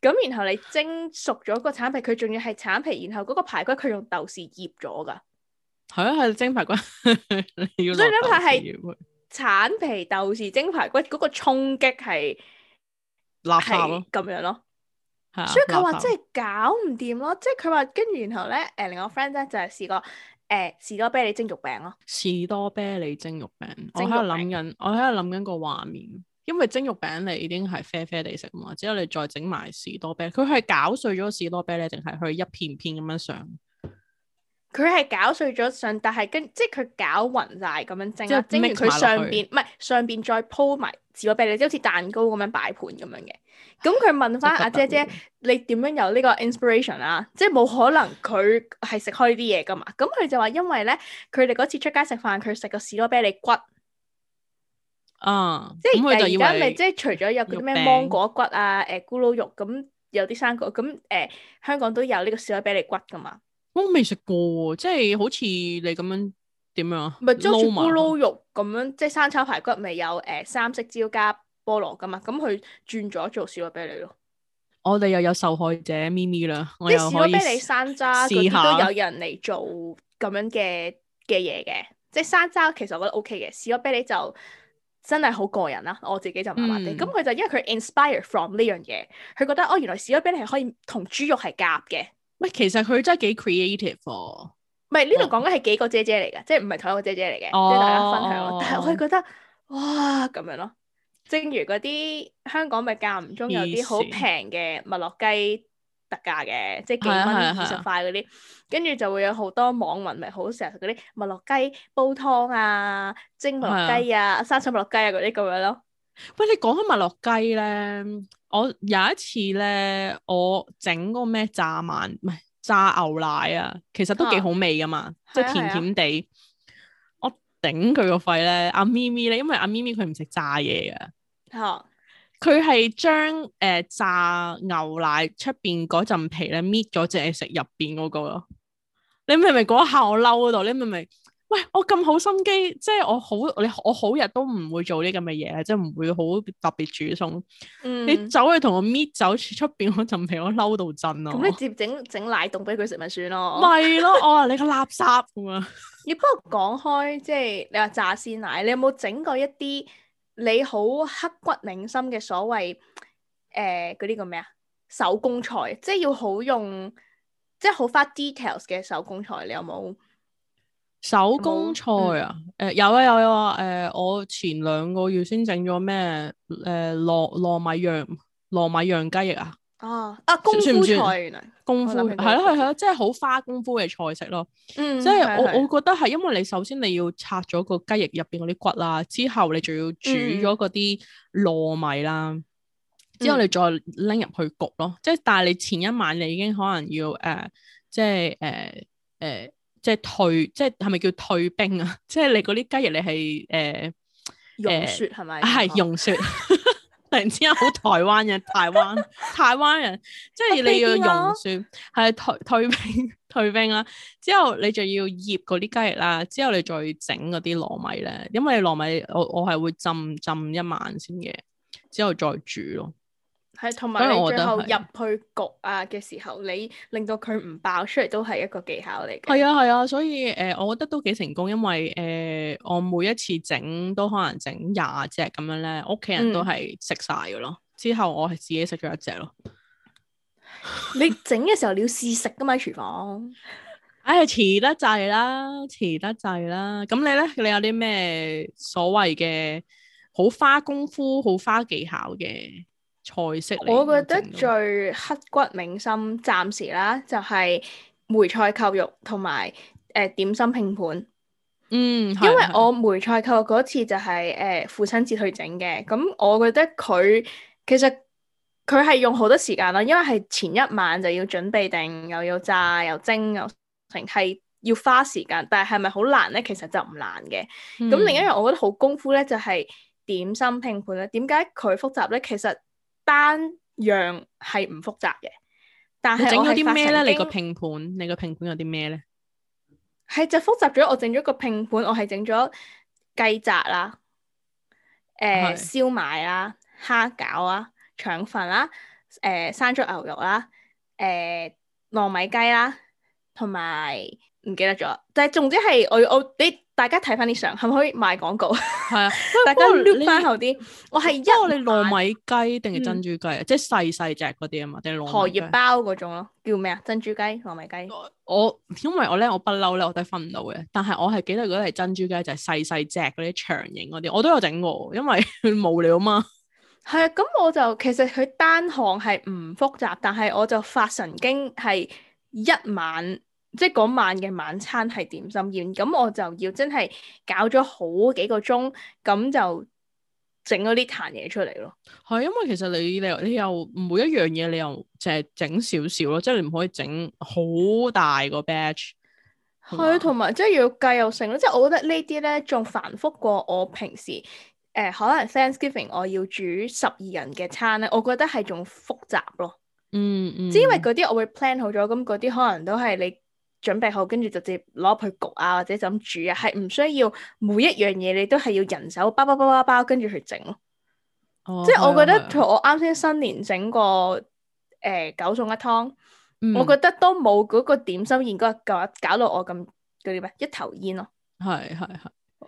咁然後你蒸熟咗個橙皮，佢仲要係橙皮，然後嗰個排骨佢用豆豉醃咗噶。係啊，係蒸排骨， (laughs) 你要落豆豉。最係橙皮豆豉蒸排骨，嗰、那個衝擊係辣口口咯，咁樣咯。啊、所以佢話即係搞唔掂咯，口即係佢話跟住然後咧，誒、呃，另一個 friend 咧就係、是、試過誒、呃、士多啤梨蒸肉餅咯。士多啤梨蒸肉餅，肉餅我喺度諗緊，我喺度諗緊個畫面。因為蒸肉餅你已經係啡啡地食嘛，之後你再整埋士多啤，佢係攪碎咗士多啤梨定係佢一片片咁樣上？佢係攪碎咗上，但係跟即係佢攪勻晒咁樣蒸啊。蒸完佢上邊唔係上邊再鋪埋士多啤梨，即好似蛋糕咁樣擺盤咁樣嘅。咁佢 (laughs) 問翻阿、啊、姐姐， (laughs) 你點樣有呢個 inspiration 啊？即係冇可能佢係食開呢啲嘢噶嘛？咁佢就話因為咧，佢哋嗰次出街食飯，佢食個士多啤梨骨。啊！嗯、即係而家咪即係除咗有嗰啲咩芒果骨啊，誒咕嚕肉咁有啲生果咁，誒香港都有呢個士多啤梨骨噶嘛？我未食過，即係好似你咁樣點樣？咪裝住咕嚕肉咁樣，即係生炒排骨咪有誒三色椒加菠蘿噶嘛？咁佢轉咗做士多啤梨咯。我哋又有受害者咪咪啦，啲士多啤梨山楂嗰啲都有人嚟做咁樣嘅嘅嘢嘅，即係山楂其實我覺得 OK 嘅，士多啤梨就。真係好過癮啦、啊，我自己就麻麻地。咁佢、嗯、就因為佢 inspire from 呢樣嘢，佢覺得哦，原來士多啤梨可以同豬肉係夾嘅。喂，其實佢真係幾 creative 喎、哦。唔係呢度講緊係幾個姐姐嚟嘅，哦、即係唔係同一個姐姐嚟嘅，跟、哦、大家分享。咯，但係我係覺得，哦、哇咁樣咯，正如嗰啲香港咪間唔中有啲好平嘅麥樂雞。特價嘅，即係幾蚊二十塊嗰啲，跟住、啊啊、就會有好多網民咪好成日食嗰啲麥樂雞煲湯啊、蒸麥樂雞啊、生、啊、菜麥樂雞啊嗰啲咁樣咯。喂，你講緊麥樂雞咧，我有一次咧，我整嗰個咩炸饅，唔係炸牛奶啊，其實都幾好味噶嘛，即係、啊、甜甜地。啊啊、我頂佢個肺咧，阿、啊、咪咪咧，因為阿、啊、咪咪佢唔食炸嘢嘅。嚇、啊！佢係將誒炸牛奶出邊嗰陣皮咧搣咗淨係食入邊嗰個咯，你明唔明嗰下我嬲嗰度？你明唔明？喂，我咁好心機，即係我好你我好日都唔會做啲咁嘅嘢，即係唔會好特別煮餸。嗯、你走去同我搣走出邊嗰陣皮我，我嬲到震咯。咁、嗯、 (laughs) 你直接整整奶凍俾佢食咪算咯？咪咯，我話你個垃圾咁啊！你不過講開，即係你話炸鮮奶，你有冇整過一啲？你好刻骨銘心嘅所謂誒嗰啲叫咩啊？手工菜即係要好用，即係好花 details 嘅手工菜，你有冇手工菜啊？誒有啊有啊！誒、啊啊呃、我前兩個月先整咗咩？誒、呃、糯糯米釀糯米釀雞翼啊！啊啊功夫菜算算功夫係咯係咯，對對對即係好花功夫嘅菜式咯。嗯、即係我是是我覺得係，因為你首先你要拆咗個雞翼入邊嗰啲骨啦，之後你仲要煮咗嗰啲糯米啦，嗯、之後你再拎入去焗咯。嗯、即係但係你前一晚你已經可能要誒、呃，即係誒誒，即係退，即係係咪叫退冰啊？ (laughs) 即係你嗰啲雞翼你係誒溶雪係咪？係、呃、溶雪。 (laughs) 突然之間好台灣嘅，台灣，台灣人， (laughs) 灣人即係你要溶雪，係 (laughs) 退退冰，退冰啦。之後你就要醃嗰啲雞翼啦。之後你再整嗰啲糯米咧，因為糯米我我係會浸浸一晚先嘅，之後再煮咯。係，同埋你最後入去焗啊嘅時候，嗯、你令到佢唔爆出嚟都係一個技巧嚟嘅。係啊，係啊，所以誒、呃，我覺得都幾成功，因為誒、呃，我每一次整都可能整廿隻咁樣咧，屋企人都係食晒噶咯，嗯、之後我係自己食咗一隻咯。你整嘅時候 (laughs) 你要試食噶嘛？廚房，唉、哎，遲得滯啦，遲得滯啦。咁你咧，你有啲咩所謂嘅好花功夫、好花技巧嘅？菜式，我覺得最刻骨銘心暫時啦，就係、是、梅菜扣肉同埋誒點心拼盤。嗯，因為我梅菜扣肉嗰次就係、是、誒、呃、父親節去整嘅，咁我覺得佢其實佢係用好多時間咯，因為係前一晚就要準備定，又要炸又蒸又成，係要花時間。但係係咪好難咧？其實就唔難嘅。咁、嗯、另一樣我覺得好功夫咧，就係、是、點心拼盤啦。點解佢複雜咧？其實，單樣係唔複雜嘅，但係整咗啲咩咧？你個拼盤，你個拼盤有啲咩咧？係就複雜咗，我整咗個拼盤，我係整咗雞雜啦、誒、呃、燒是賣啦、蝦餃啊、腸粉啦、誒山竹牛肉啦、誒、呃、糯米雞啦，同埋唔記得咗，但係總之係我我你。大家睇翻啲相，係咪可以賣廣告？係啊，哎、 (laughs) 大家 look 翻後啲。你我係因為你糯米雞定係珍珠雞啊？嗯、即係細細隻嗰啲啊嘛，定荷葉包嗰種咯？叫咩啊？珍珠雞、糯米雞。我因為我咧我不嬲咧，我都分唔到嘅。但係我係記得嗰啲係珍珠雞就小小，就係細細隻嗰啲長形嗰啲。我都有整過，因為 (laughs) 無聊啊嘛。係啊，咁我就其實佢單行係唔複雜，但係我就發神經係一晚。即係嗰晚嘅晚餐係點心宴，咁我就要真係搞咗好幾個鐘，咁就整咗呢壇嘢出嚟咯。係因為其實你你你又每一樣嘢你又淨係整少少咯，即係你唔可以整好大個 batch 對。係同埋即係要計又成咯，即係我覺得呢啲咧仲繁複過我平時誒、呃、可能 Thanksgiving 我要煮十二人嘅餐咧，我覺得係仲複雜咯。嗯嗯，嗯，因為嗰啲我會 plan 好咗，咁嗰啲可能都係你。準備好，跟住就直接攞去焗啊，或者就咁煮啊，係唔需要每一樣嘢你都係要人手包包包包包，包，包，跟住去整咯。哦、即係、啊、我覺得，同、啊啊、我啱先新年整個誒九餸一湯，嗯、我覺得都冇嗰個點心宴嗰日搞搞到我咁嗰啲咩，一頭煙咯。係係係，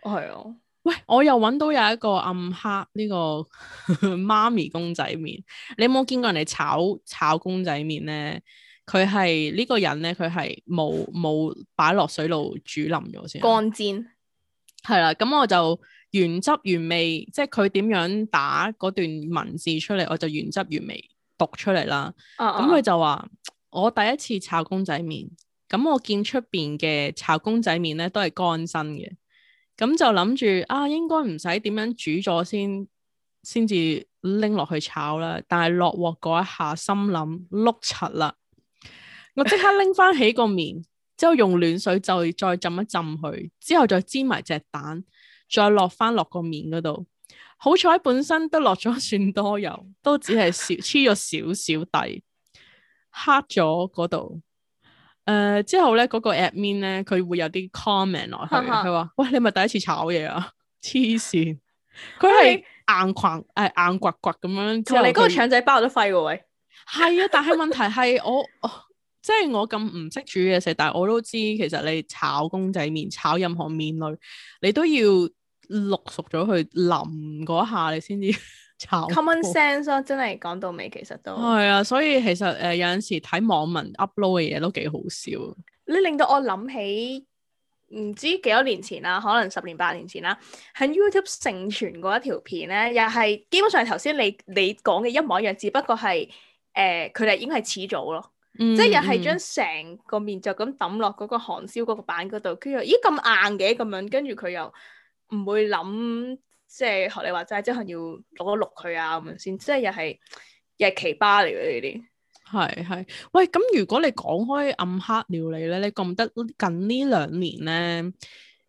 係啊！啊啊啊喂，我又揾到有一個暗黑呢、這個媽 (laughs) 咪公仔麵，你有冇見過人哋炒炒公仔麵咧？佢係呢個人咧，佢係冇冇擺落水爐煮淋咗先乾煎係啦。咁箭我就原汁原味，即係佢點樣打嗰段文字出嚟，我就原汁原味讀出嚟啦。咁佢、哦哦、就話我第一次炒公仔麵，咁我見出面嘅炒公仔麵咧都係乾身嘅，咁就諗住啊，應該唔使點樣煮咗先先至拎落去炒啦。但係落鑊嗰一下，心諗碌柒啦。滾滾 (laughs) 我即刻拎翻起個麵，之後用暖水再再浸一浸佢，之後再煎埋隻蛋，再落翻落個麵嗰度。好彩本身都落咗算多油，都只係少黐咗少少底黑咗嗰度。誒、呃，之後咧嗰、嗰個 app 面咧，佢會有啲 comment 落去。佢話：， (laughs) 喂，你咪第一次炒嘢啊？黐線，佢係硬刮，誒， (laughs) 嗯、硬刮刮咁樣。其實你嗰個腸仔包都飛個位。係 (laughs) 啊，但係問題係我。即係我咁唔識煮嘢食，但係我都知其實你炒公仔麵、炒任何麵類，你都要淥熟咗去淋嗰下你，你先至炒。Common sense 咯、啊，真係講到尾其實都係啊，所以其實誒、呃、有陣時睇網民 upload 嘅嘢都幾好笑。你令到我諗起唔知幾多年前啦、啊，可能十年八年前啦、啊，喺 YouTube 盛傳過一條片咧，又係基本上係頭先你你講嘅一模一樣，只不過係誒佢哋已經係始祖咯。即係又係將成個麵就咁抌落嗰個韓燒嗰個板嗰度，佢又咦咁硬嘅咁樣，跟住佢又唔會諗，即係學你話齋，即係可能要攞碌佢啊咁樣先。即係又係又係奇葩嚟嘅呢啲。係係，喂，咁如果你講開暗黑料理咧，你覺得近呢兩年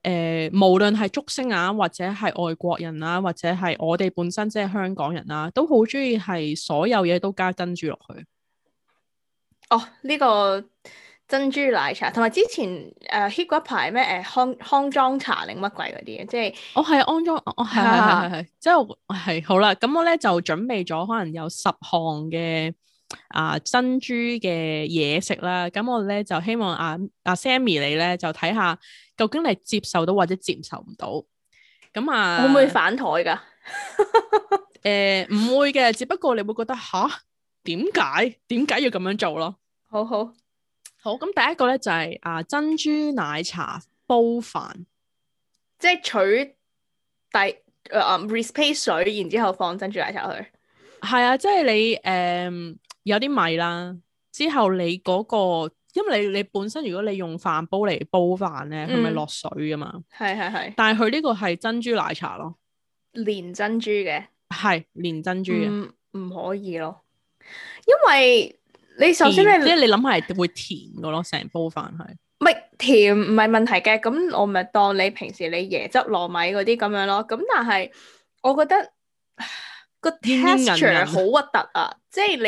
咧，誒，無論係竹星啊，或者係外國人啊，或者係我哋本身即係香港人啦，都好中意係所有嘢都加珍珠落去。哦，呢個珍珠奶茶，同埋之前誒 hit 過一排咩誒康康莊茶定乜鬼嗰啲嘅，即係我係安裝，我係係係係，即係係好啦。咁我咧就準備咗可能有十項嘅啊珍珠嘅嘢食啦。咁我咧就希望啊啊 Sammy 你咧就睇下，究竟你接受到或者接受唔到。咁啊，會唔會反台噶？誒唔會嘅，只不過你會覺得吓，點解點解要咁樣做咯？好好好，咁第一個咧就係、是、啊珍珠奶茶煲飯，即係取第誒啊，reserve 水，然之後放珍珠奶茶去。係啊，即、就、係、是、你誒、呃、有啲米啦，之後你嗰、那個，因為你你本身如果你用飯煲嚟煲飯咧，佢咪、嗯、落水噶嘛。係係係，但係佢呢個係珍珠奶茶咯，連珍珠嘅，係連珍珠嘅，唔、嗯、可以咯，因為。你首先咧，即係你諗下係會甜噶咯，成煲飯係，咪甜唔係問題嘅，咁我咪當你平時你椰汁糯米嗰啲咁樣咯，咁但係我覺得個 texture 好核突啊，人人即係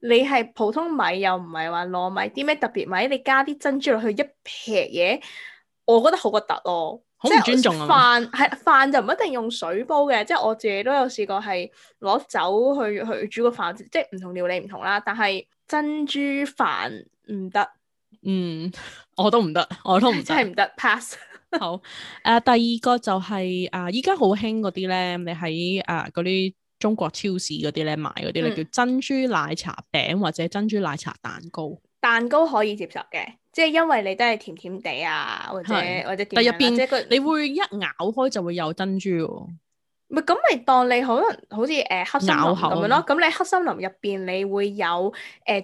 你你係普通米又唔係話糯米，啲咩特別米，你加啲珍珠落去一撇嘢，我覺得好核突咯。好唔尊重啊！飯係飯就唔一定用水煲嘅， (laughs) 即係我自己都有試過係攞酒去去煮個飯，即係唔同料理唔同啦。但係珍珠飯唔得，嗯，我都唔得，我都唔得，真係唔得 pass。 (laughs) 好，誒、呃，第二個就係、是、誒，依家好興嗰啲咧，你喺誒嗰啲中國超市嗰啲咧買嗰啲咧叫珍珠奶茶餅或者珍珠奶茶蛋糕，蛋糕可以接受嘅。即係因為你都係甜甜地啊，或者或者點啊，或者佢你會一咬開就會有珍珠喎。咪咁，咪當你可能好似誒黑森林咁樣咯。咁你黑森林入邊你會有誒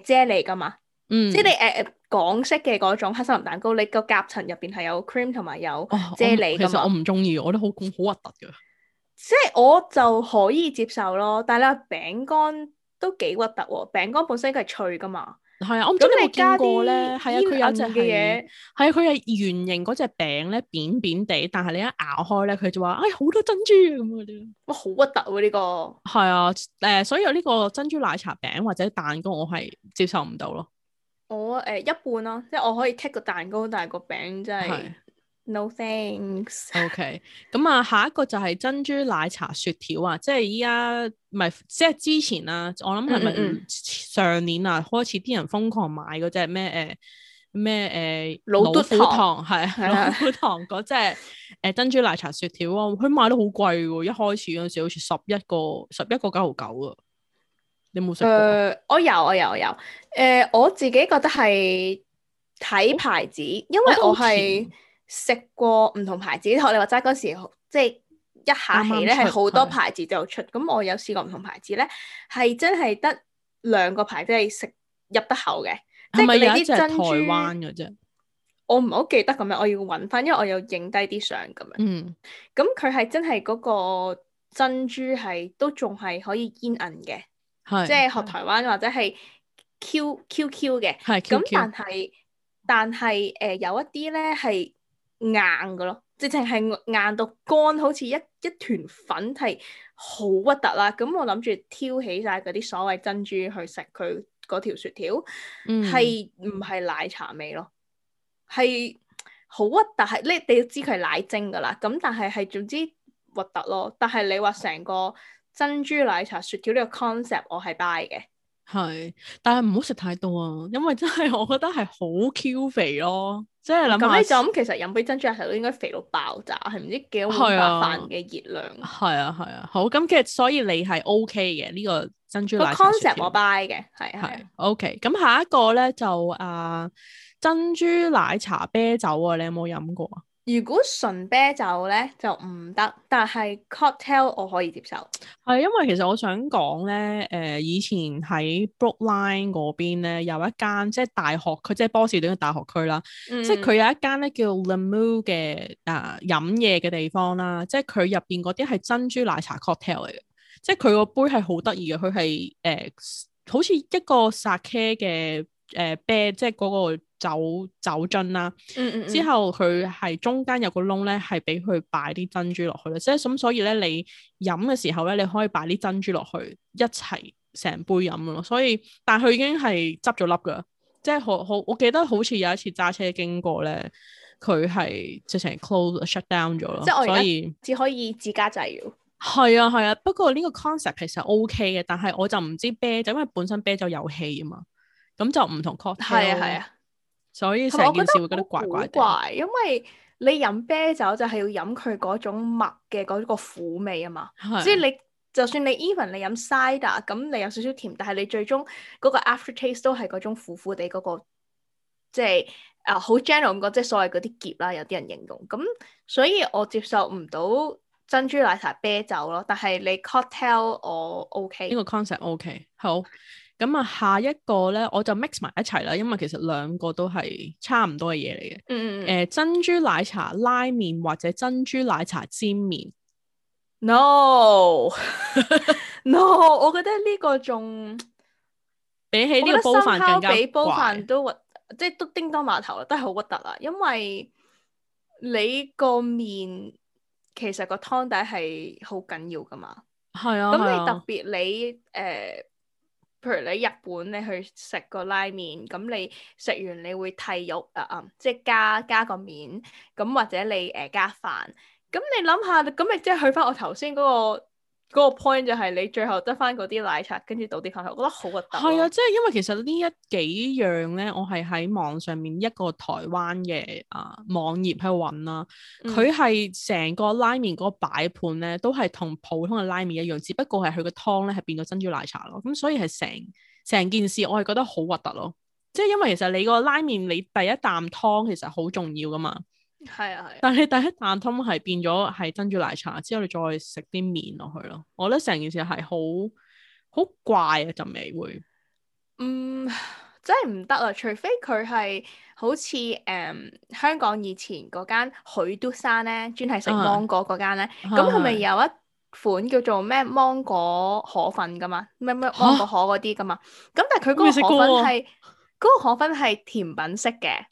啫喱㗎嘛？嗯，即係你誒港式嘅嗰種黑森林蛋糕，你個夾層入邊係有 cream 同埋有啫喱。其實我唔中意，我覺得好好核突㗎。即係我就可以接受咯，但係咧餅乾都幾核突喎。餅乾本身佢係脆㗎嘛。係啊，我唔知你有冇見過咧，係啊點，佢有隻嘢，係啊，佢係圓形嗰隻餅咧，扁扁地，但係你一咬開咧，佢就話，哎，好多珍珠咁嗰啲，哇，好核突啊呢個。係啊，誒、呃，所以有呢個珍珠奶茶餅或者蛋糕，我係接受唔到咯。我誒、呃、一半咯、啊，即係我可以剔 a 個蛋糕，但係個餅真係。No thanks. Okay，咁啊，下一個就係珍珠奶茶雪條啊，即係依家唔係即係之前啊。我諗係咪上年啊，嗯嗯，開始啲人瘋狂買嗰隻咩，誒咩，誒，老虎堂，係老虎堂嗰隻誒珍珠奶茶雪條啊，佢賣 (laughs) 得好貴喎。一開始嗰陣時好似十一個十一個九毫九啊。你冇食？誒、呃，我有，我有，我有。誒、呃，我自己覺得係睇牌子，因為我係。食過唔同牌子，學你話齋嗰時，即係一下氣咧，係好出多牌子就出。咁是我有試過唔同牌子咧，係真係得兩個牌子係食入得口嘅。即係咪啲珍珠灣嘅啫？我唔好記得咁樣，我要揾翻，因為我有影低啲相咁樣。嗯，咁佢係真係嗰個珍珠係都仲係可以煙韌嘅，即係學台灣、嗯、或者係 Q Q Q 嘅。係，咁但係但係誒、呃、有一啲咧係。硬嘅咯，直情係硬到乾，好似一一團粉，係好核突啦。咁我諗住挑起晒嗰啲所謂珍珠去食佢嗰條雪條，係唔係奶茶味咯？係好核突，係你要知佢係奶精噶啦。咁但係係總之核突咯。但係你話成個珍珠奶茶雪條呢個 concept，我係 buy 嘅。係，但係唔好食太多啊，因為真係我覺得係好 Q 肥咯。即係諗下，咁你就咁其實飲杯珍珠奶茶都應該肥到爆炸，係唔知幾碗飯嘅熱量。係啊，係啊，好咁，其實所以你係 OK 嘅呢、呢個珍珠奶茶。個 concept 我 buy 嘅，係係 OK。咁下一個咧就啊、呃、珍珠奶茶啤酒啊，你有冇飲過啊？如果純啤酒咧就唔得，但係 cocktail 我可以接受。係因為其實我想講咧，誒、呃、以前喺 Brookline 嗰邊咧有一間即係大學佢即係波士頓嘅大學區啦，嗯、即係佢有一間咧叫 Lamu 嘅誒飲嘢嘅地方啦，即係佢入邊嗰啲係珍珠奶茶 cocktail 嚟嘅，即係佢個杯係、呃、好得意嘅，佢係誒好似一個 sake 嘅誒啤、呃呃，即係嗰、嗰個。酒酒樽啦，嗯嗯嗯之後佢係中間有個窿咧，係俾佢擺啲珍珠落去咯。即係咁，所以咧你飲嘅時候咧，你可以擺啲珍珠落去一齊成杯飲咯。所以，但係佢已經係執咗粒噶，即係我我我記得好似有一次揸車經過咧，佢係情係 close shut down 咗咯。即係我而以只可以自家製咯。係啊係啊，不過呢個 concept 其實 OK 嘅，但係我就唔知啤酒，因為本身啤酒有氣啊嘛，咁就唔同 c 啊係啊。所以成件事會覺得怪怪，怪，因為你飲啤酒就係要飲佢嗰種麥嘅嗰個苦味啊嘛。即係你就算你 even 你飲 cider 咁你有少少甜，但係你最終嗰個 after taste 都係嗰種苦苦地嗰、嗰個，即係啊、即係啊好 general 個即係所謂嗰啲澀啦。有啲人形容咁，所以我接受唔到珍珠奶茶啤酒咯。但係你 cocktail 我 OK，呢個 concept OK 好。咁啊，下一個咧，我就 mix 埋一齊啦，因為其實兩個都係差唔多嘅嘢嚟嘅。嗯誒、嗯呃，珍珠奶茶拉麵或者珍珠奶茶煎麵，no，no，我覺得呢個仲比起呢個煲飯更加怪。我覺得生烤比煲飯都核，即係都叮當碼頭都係好核突啊！因為你個麵其實個湯底係好緊要噶嘛。係啊。咁、啊、你特別你誒？呃譬如你喺日本你去食個拉麵，咁你食完你會剃肉啊、呃，即係加加個麵，咁或者你誒、呃、加飯，咁你諗下，咁咪即係去返我頭先嗰個。嗰個 point 就係你最後得翻嗰啲奶茶，跟住倒啲翻去，我覺得好核突。係啊，即係因為其實呢一幾樣咧，我係喺網上面一個台灣嘅啊網頁喺度揾啦，佢係成個拉麵嗰個擺盤咧，都係同普通嘅拉麵一樣，只不過係佢個湯咧係變咗珍珠奶茶咯。咁所以係成成件事，我係覺得好核突咯。即係因為其實你個拉麵你第一啖湯其實好重要噶嘛。係啊，啊但係第一啖湯係變咗係斟住奶茶之後，你再食啲麵落去咯。我覺得成件事係好好怪啊，就未會嗯。嗯，真係唔得啊！除非佢係好似誒香港以前嗰間許留山咧，專係食芒果嗰間咧。咁佢咪有一款叫做咩芒果河粉噶嘛？咩咩、啊、芒果河嗰啲噶嘛？咁、啊、但係佢嗰個河粉係嗰、啊、個河粉係甜品式嘅。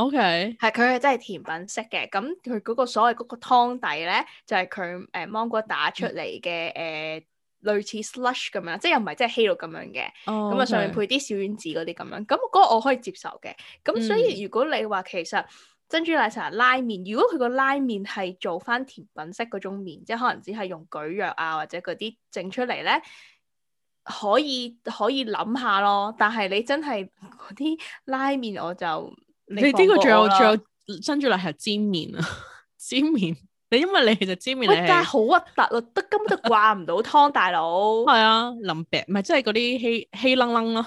OK，係佢係真係甜品式嘅，咁佢嗰個所謂嗰個湯底咧，就係佢誒芒果打出嚟嘅，誒、呃、類似 slush 咁樣，即係又唔係即係稀露咁樣嘅，咁啊、oh, okay. 上面配啲小丸子嗰啲咁樣，咁嗰個我可以接受嘅。咁所以如果你話其實珍珠奶茶拉麵，嗯、如果佢個拉麵係做翻甜品式嗰種麵，即係可能只係用蒟蒻啊或者嗰啲整出嚟咧，可以可以諗下咯。但係你真係嗰啲拉麵我就～你呢個仲有仲有珍珠奶茶沾麵啊？沾 (laughs) 麵，你因為你其實沾麵，喂，真係好核突咯，得根本就掛唔到湯 (laughs) 大佬哥。係啊，淋白唔係，即係嗰啲稀稀楞楞咯，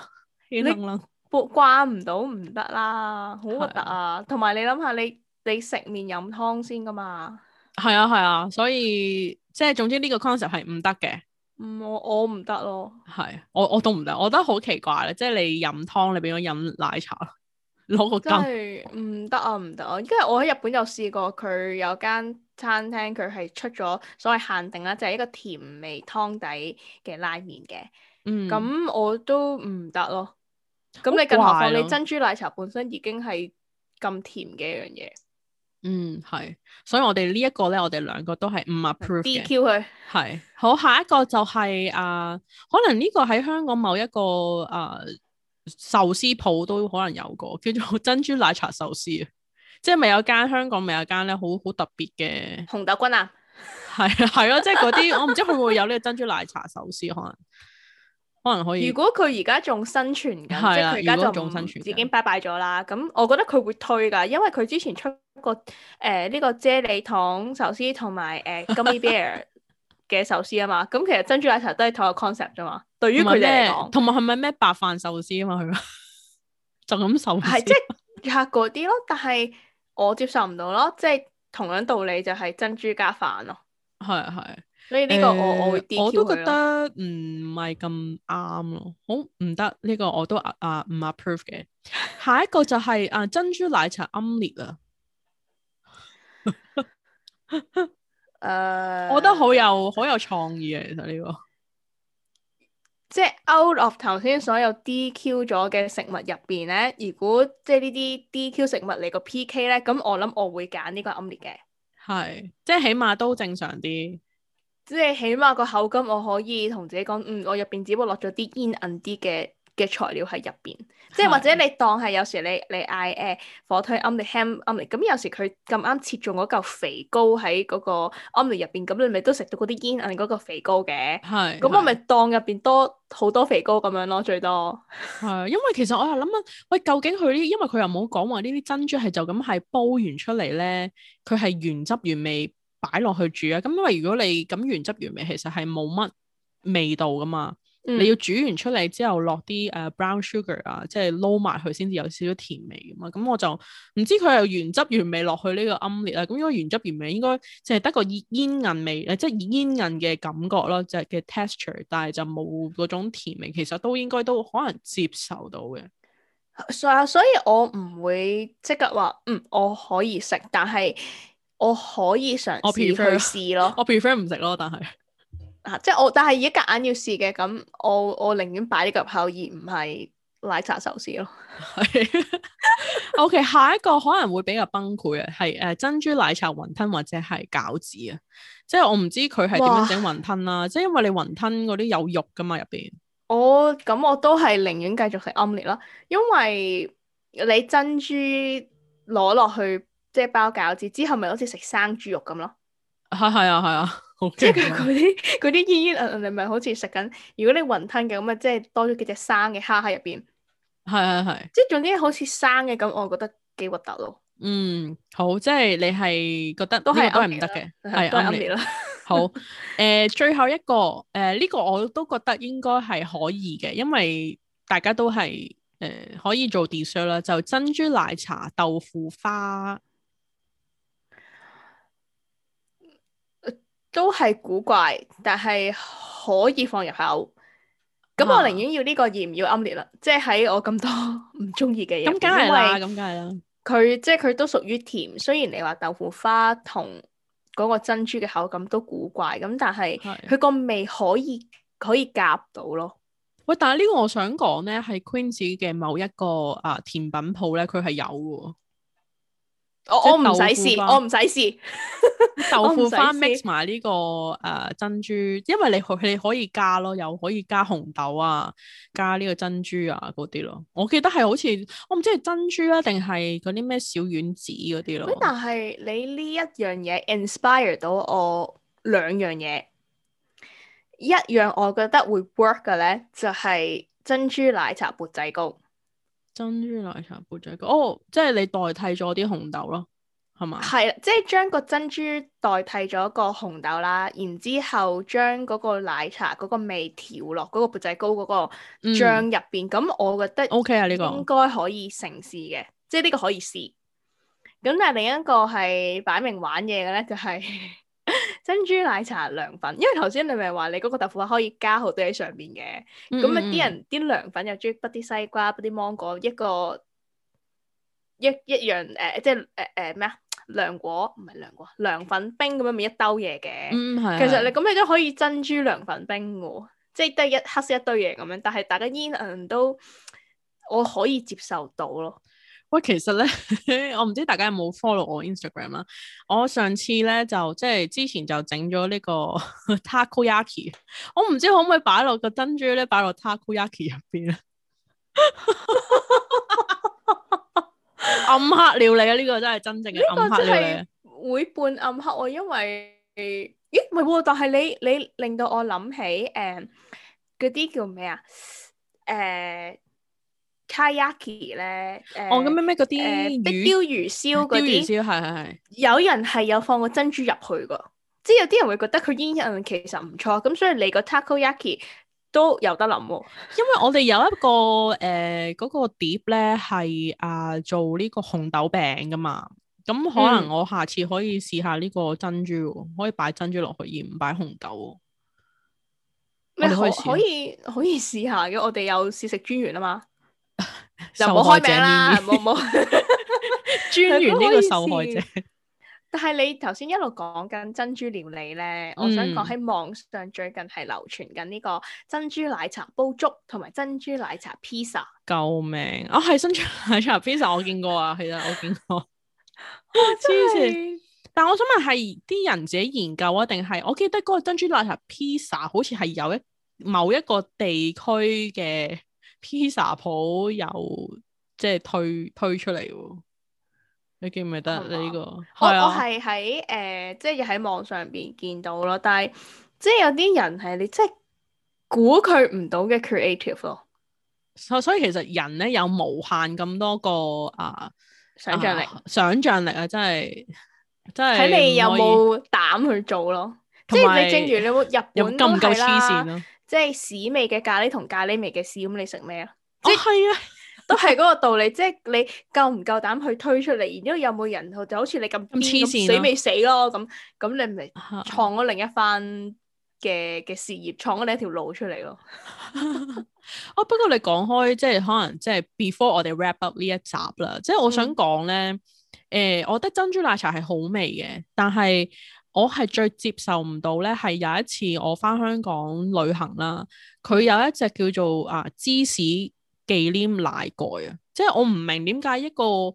稀楞楞掛唔到唔得啦，好核突啊！同埋、啊、你諗下，你你食麵飲湯先噶嘛？係啊係啊，所以即係總之呢個 concept 係唔得嘅。我我唔得咯。係，我我，我，我都唔得，我覺得好奇怪咧，即、就、係、是、你飲湯，你變咗飲奶茶。攞個真係唔得啊，唔得啊！因為我喺日本有試過，佢有間餐廳，佢係出咗所謂限定啦，就係、是、一個甜味湯底嘅拉麵嘅。嗯。咁我都唔得咯。咁你更何況、啊、你珍珠奶茶本身已經係咁甜嘅一樣嘢。嗯，係。所以我哋呢一個咧，我哋兩個都係唔 approve DQ 佢。係。好，下一個就係、是、啊、呃，可能呢個喺香港某一個啊。呃壽司鋪都可能有個叫做珍珠奶茶壽司，即係咪有間香港咪有間咧好好特別嘅紅豆君啊？係啊係咯，即係嗰啲我唔知佢會唔會有呢個珍珠奶茶壽司，可能可能可以。如果佢而家仲生存嘅，即係佢而家仲生存，已經拜拜咗啦。咁我覺得佢會推噶，因為佢之前出過誒呢、呃這個啫喱糖壽司同埋誒 Gummy Bear。 (laughs) 嘅壽司啊嘛，咁其實珍珠奶茶都係同一個 concept 啫嘛。對於佢哋嚟講，同埋係咪咩白飯壽司啊嘛？佢 (laughs) 就咁壽司，即係嗰啲咯。但係我接受唔到咯，即係同樣道理就係珍珠加飯咯。係啊係，所以呢個我，欸、我會我都覺得唔係咁啱咯，好唔得呢個我都啊唔、啊、approve 嘅。下一個就係啊珍珠奶茶奄列啦。 (laughs) 誒，uh, 我覺得好有好有創意啊！其實呢個，即係 out of 頭先所有 DQ 咗嘅食物入邊咧，如果即係呢啲 DQ 食物嚟個 PK 咧，咁我諗我會揀呢個暗烈嘅，係，即係起碼都正常啲，即係起碼個口感我可以同自己講，嗯，我入邊只不過落咗啲煙韌啲嘅。嘅材料喺入邊，即係或者你當係有時你你嗌誒、呃、火腿 ham，ham 咁，啊、有時佢咁啱切中嗰嚿肥膏喺嗰個 ham 入邊，咁你咪都食到嗰啲煙韌嗰嚿肥膏嘅。係。咁我咪當入邊多好多肥膏咁樣咯，最多。係。因為其實我又諗下，喂，究竟佢呢？因為佢又冇講話呢啲珍珠係就咁係煲完出嚟咧，佢係原汁原味擺落去煮啊。咁因為如果你咁原汁原味，其實係冇乜味道噶嘛。嗯、你要煮完出嚟之後落啲誒 brown sugar 啊，即係撈埋佢先至有少少甜味噶嘛。咁我就唔知佢係原汁原味落去呢個暗烈啦。咁應該原汁原味應該淨係得個煙韌味啊，即係煙韌嘅感覺咯，就係嘅 texture，但係就冇嗰種甜味。其實都應該都可能接受到嘅。係，所以我唔會即刻話，嗯，我可以食，嗯、但係我可以嘗試去試咯。我 prefer 唔食咯，但係。啊！即係我，我，但係而家夾硬要試嘅，咁我我寧願擺呢個入口而唔係奶茶壽司咯。係，O K，下一個可能會比較崩潰啊，係誒、呃、珍珠奶茶、雲吞或者係餃子啊。即、就、係、是、我唔知佢係點樣整雲吞啦。即係哇因為你雲吞嗰啲有肉噶嘛入邊。我咁我都係寧願繼續食暗列啦，因為你珍珠攞落去即係包餃子之後，咪好似食生豬肉咁咯。吓係啊係啊。即係佢啲嗰啲依依攤攤，咪好似食緊。如果你雲吞嘅咁啊，即係多咗幾隻生嘅蝦喺入邊。係啊係。即係總之好似生嘅咁，我覺得幾核突咯。嗯，好，即係你係覺得都係都係唔得嘅，係都係你啦。好，誒，最後一個誒呢個我都覺得應該係可以嘅，因為大家都係誒可以做 dessert 啦，就珍珠奶茶、豆腐花。都係古怪，但係可以放入口。咁我寧願要呢個鹽唔要暗烈啦，啊？即係喺我咁多唔中意嘅嘢，咁梗係啦，咁梗係啦。佢即係佢都屬於甜，雖然你話豆腐花同嗰個珍珠嘅口感都古怪，咁但係佢個味可以的可以夾到咯。喂，但係呢個我想講咧，係 Queen‘s 嘅某一個啊、呃、甜品鋪咧，佢係有。我我唔使試，我唔使試。 (laughs) 豆腐花 mix 埋呢個誒、uh, 珍珠，因為你可你可以加咯， (laughs) 又可以加紅豆啊，加呢個珍珠啊嗰啲咯。我記得係好似我唔知係珍珠啊，定係嗰啲咩小丸子嗰啲咯。但係你呢一樣嘢 inspire 到我兩樣嘢，一樣我覺得會 work 嘅咧，就係、是、珍珠奶茶缽仔糕。珍珠奶茶砵仔糕哦，oh, 即係你代替咗啲紅豆咯，係嘛？係，即係將個珍珠代替咗個紅豆啦，然之後將嗰個奶茶嗰個味調落嗰個砵仔糕嗰個醬入邊，咁、嗯、我覺得 OK 啊，呢個應該可以嘗試嘅，即係呢個可以試。咁但係另一個係擺明玩嘢嘅咧，就係、是。 (laughs) 珍珠奶茶涼粉，因為頭先你咪話你嗰個豆腐可以加好多喺上邊嘅，咁啊啲人啲涼粉又中意畢啲西瓜、畢啲芒果，一個一一樣誒、呃，即係誒誒咩啊涼果唔係涼果涼粉冰咁樣咪一兜嘢嘅，嗯、其實你咁你都可以珍珠涼粉冰嘅，即係得一黑色一堆嘢咁樣，但係大家煙韌都我可以接受到咯。喂，其實咧，我唔知大家有冇 follow 我 Instagram 啦。我上次咧就即係之前就整咗呢個 Takoyaki，我唔知可唔可以擺落個珍珠咧擺落 Takoyaki 入邊啊！ (laughs) (laughs) (laughs) 暗黑料理啊，呢、這個真係真正嘅暗，暗黑料理。會半暗黑哦，因為咦唔係喎，但係你你令到我諗起誒嗰啲叫咩啊？誒、uh,。Kaiyaki 咧，鯛鯛呢呃、哦咁咩咩嗰啲，誒，鯛、呃、魚燒嗰啲，鯛魚燒，係係係，有人係有放個珍珠入去噶，即係有啲人會覺得佢煙韌其實唔錯，咁所以你個 takoyaki 都有得諗。因為我哋有一個誒嗰、呃那個碟咧係啊做呢個紅豆餅噶嘛，咁可能我下次可以試下呢個珍珠，嗯、可以擺珍珠落去而唔擺紅豆。咩？可以試可以試下嘅，我哋有試食專員啊嘛。就冇開名啦，冇冇專員呢個受害者。 (laughs) 但係你頭先一路講緊珍珠料理咧，嗯、我想講喺網上最近係流傳緊呢個珍珠奶茶煲粥同埋珍珠奶茶 pizza。救命！我、哦、係珍珠奶茶 pizza，我見過啊，其實 (laughs) 我見過 (laughs) 是。但我想問，係啲人自己研究啊，定係我記得嗰個珍珠奶茶 pizza 好似係有一某一個地區嘅。披薩鋪又即係推推出嚟喎，你記唔記得呢、呢個？Uh huh. 對我我係喺誒，即係喺網上邊見到咯，但係即係有啲人係你即係估佢唔到嘅 creative 咯。所以所以其實人咧有無限咁多個啊想象力，啊、想象力啊真係真係睇你有冇膽去做咯。有即係你正如你日本咁唔夠黐線咯。即係屎味嘅咖喱同咖喱味嘅屎，咁你食咩、哦即哦、啊？即係啊，都係嗰個道理，即係 (laughs) 你夠唔夠膽去推出嚟，然之後有冇人，就好似你咁黐線死未死咯？咁咁 (laughs) 你咪創咗另一番嘅嘅事業，創咗另一條路出嚟咯。啊 (laughs) (laughs) 哦，不過你講開即係可能即係 before 我哋 wrap up 呢一集啦，即係我想講咧，誒、嗯呃，我覺得珍、珍珠奶茶係好味嘅，但係。我係最接受唔到咧，係有一次我返香港旅行啦，佢有一隻叫做啊、呃、芝士忌廉奶蓋啊，即係我唔明點解一個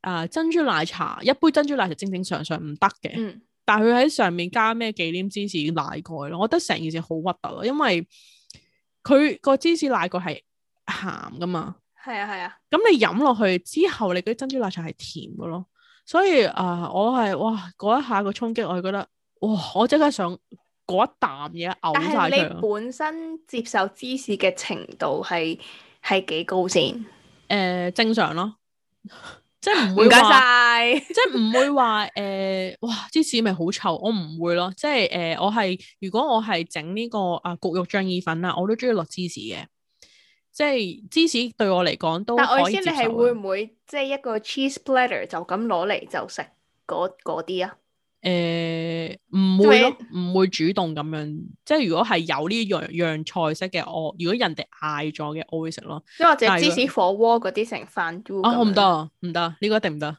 啊、呃、珍珠奶茶一杯珍珠奶茶正正常常唔得嘅，嗯、但係佢喺上面加咩忌廉芝士奶蓋咯，我覺得成件事好核突咯，因為佢個芝士奶蓋係鹹㗎嘛，係啊係啊，咁、啊、你飲落去之後，你嗰啲珍珠奶茶係甜㗎咯。所以啊、呃，我係哇嗰一下個衝擊，我係覺得哇，我即刻想嗰一啖嘢嘔曬。但係你本身接受芝士嘅程度係係幾高先？誒、呃、正常咯， (laughs) 即係唔會解曬，謝謝 (laughs) 即係唔會話誒、呃、哇芝士味好臭，我唔會咯。即係誒、呃、我係如果我係整呢個啊焗肉醬意粉啊，我都中意落芝士嘅。即係芝士對我嚟講都可以接受。但我意思你係會唔會 (music) 即係一個 cheese platter 就咁攞嚟就食嗰啲啊？誒，唔會咯，唔對會主動咁樣。即係如果係有呢樣樣菜式嘅，我如果人哋嗌咗嘅，我會食咯。即係或者芝士火鍋嗰啲成飯 do 唔得，唔得是，啊，呢個一定唔得。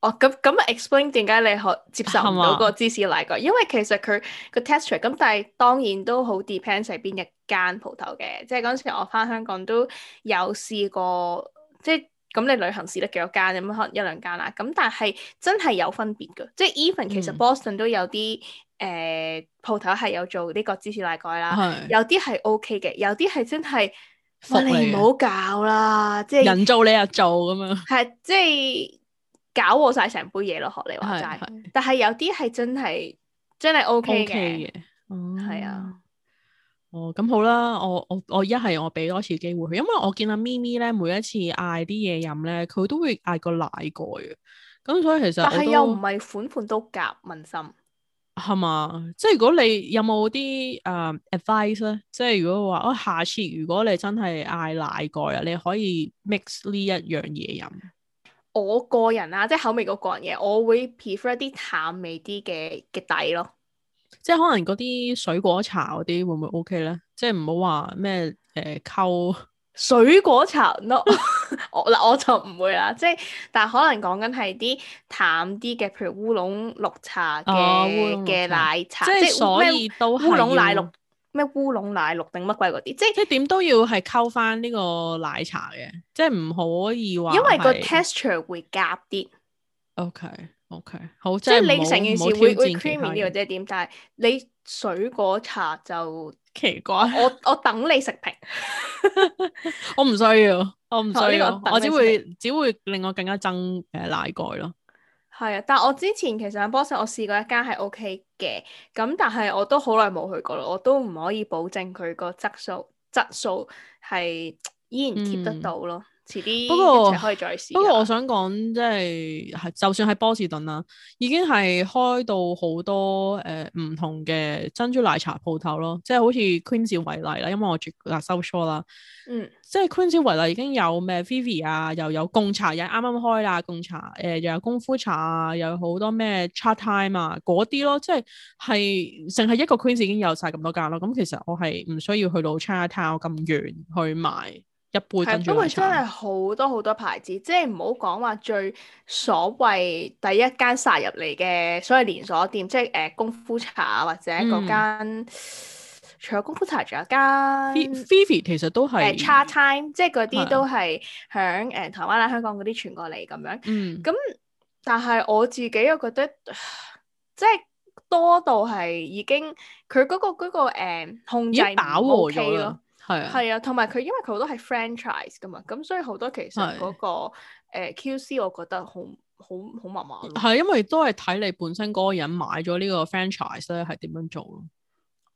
哦，咁咁啊，explain 點解你可接受唔到個芝士奶蓋？嗎因為其實佢個 texture 咁，但係當然都好 depends 係邊日。間鋪頭嘅，即係嗰陣時我翻香港都有試過，即係咁你旅行試得幾多間咁，可能一兩間、呃、啦。咁但係真係有分別噶，即係 even 其實 Boston 都有啲誒鋪頭係有做呢個芝士奶蓋啦，有啲係 O K 嘅，有啲係真係，你唔好搞啦，的即係是人做你又做咁樣，係即係搞我晒成杯嘢咯，學你話齋。的但係有啲係真係真係 O K 嘅，係啊。嗯哦，咁好啦，我我我一係我俾多次機會佢，因為我見阿咪咪咧每一次嗌啲嘢飲咧，佢都會嗌個奶蓋啊，咁所以其實但係是又唔係都款款都夾民心係嘛，即係如果你有冇啲誒 advice 咧，即係如果話啊、哦、下次如果你真係嗌奶蓋啊，你可以 mix 呢一樣嘢飲。我個人啦、啊，即係口味嗰個人嘅，我會 prefer 一啲淡味啲嘅嘅底咯。即係可能嗰啲水果茶嗰啲會唔會 OK 咧？即係唔好話咩誒溝水果茶咯、no. (laughs) 我嗱我就唔會啦。即係但係可能講緊係啲淡啲嘅，譬如烏龍綠茶嘅嘅、oh, okay. 奶茶，即係所以到烏龍奶綠咩烏龍奶綠定乜鬼嗰啲，即係點都要係溝翻呢個奶茶嘅，即係唔可以話因為個 texture 會夾啲。OK。O、okay. K，好，即係你成件事會會 creamy 呢、這、或、個、者係點？但係你水果茶就奇怪，我我等你食評， (laughs) (laughs) 我唔需要，我唔需要，這個、我，我只會只會令我更加憎誒奶蓋咯。係啊，但係我之前其實喺波士，我試過一間係 O K 嘅，咁但係我都好耐冇去過啦，我都唔可以保證佢個質素，質素係依然 keep 得到咯。嗯不過，可以再試，不過我想講即係係，就算喺波士頓啦，已經係開到好多誒唔、呃、同嘅珍珠奶茶鋪頭咯，即係好似 Queen’s 為例啦，因為我住亞收 s h 啦，嗯，即係 Queen’s 為例已經有咩 Vivi 啊，又有貢茶，又啱啱開啦，貢茶誒、呃、又有功夫茶啊，又有好多咩 Chatime 啊嗰啲咯，即係係淨係一個 Queen’s 已經有晒咁多間咯，咁其實我係唔需要去到 Chinatown 咁遠去買。係，不過真係好多好多牌子， (noise) 即係唔好講話最所謂第一間殺入嚟嘅所謂連鎖店，即係誒功夫茶或者嗰間，嗯、除咗功夫茶仲有間 Vivi 其實都係 Chatime，即係嗰啲都係響誒台灣啦、香港嗰啲傳過嚟咁樣。嗯，咁但係我自己又覺得，即係多到係已經佢嗰、嗰個嗰、嗰個誒、嗰個嗯、控制飽和咯。係啊，係啊，同埋佢因為佢好多係 franchise 噶嘛，咁所以好多其實嗰、嗰個、啊呃、QC，我覺得好好好麻麻咯。係、啊、因為都係睇你本身嗰個人買咗呢個 franchise 咧，係點樣做咯？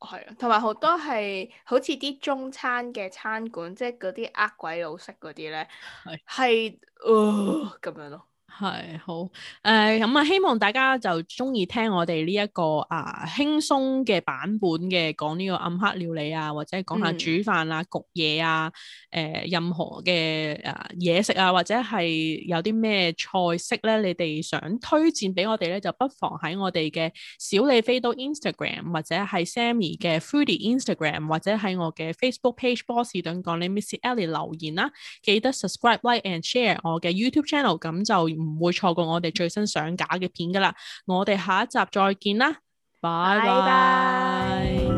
係啊，同埋好多係好似啲中餐嘅餐館，即係嗰啲呃鬼佬式嗰啲咧，係咁樣咯。係好誒，咁、呃、啊、嗯，希望大家就中意聽我哋呢一個啊輕鬆嘅版本嘅講呢個暗黑料理啊，或者講下煮飯啊、嗯、焗嘢啊，誒、呃，任何嘅誒嘢食啊，或者係有啲咩菜式咧、啊，你哋想推薦俾我哋咧，就不妨喺我哋嘅小李飛刀 Instagram 或者係 Sammy 嘅 Foodie Instagram 或者喺我嘅 Facebook Page boss 等講你 Miss Ellie 留言啦、啊。記得 Subscribe、Like and Share 我嘅 YouTube Channel，咁就唔會錯過我哋最新上架嘅片㗎啦，我哋下一集再見啦，拜拜。Bye bye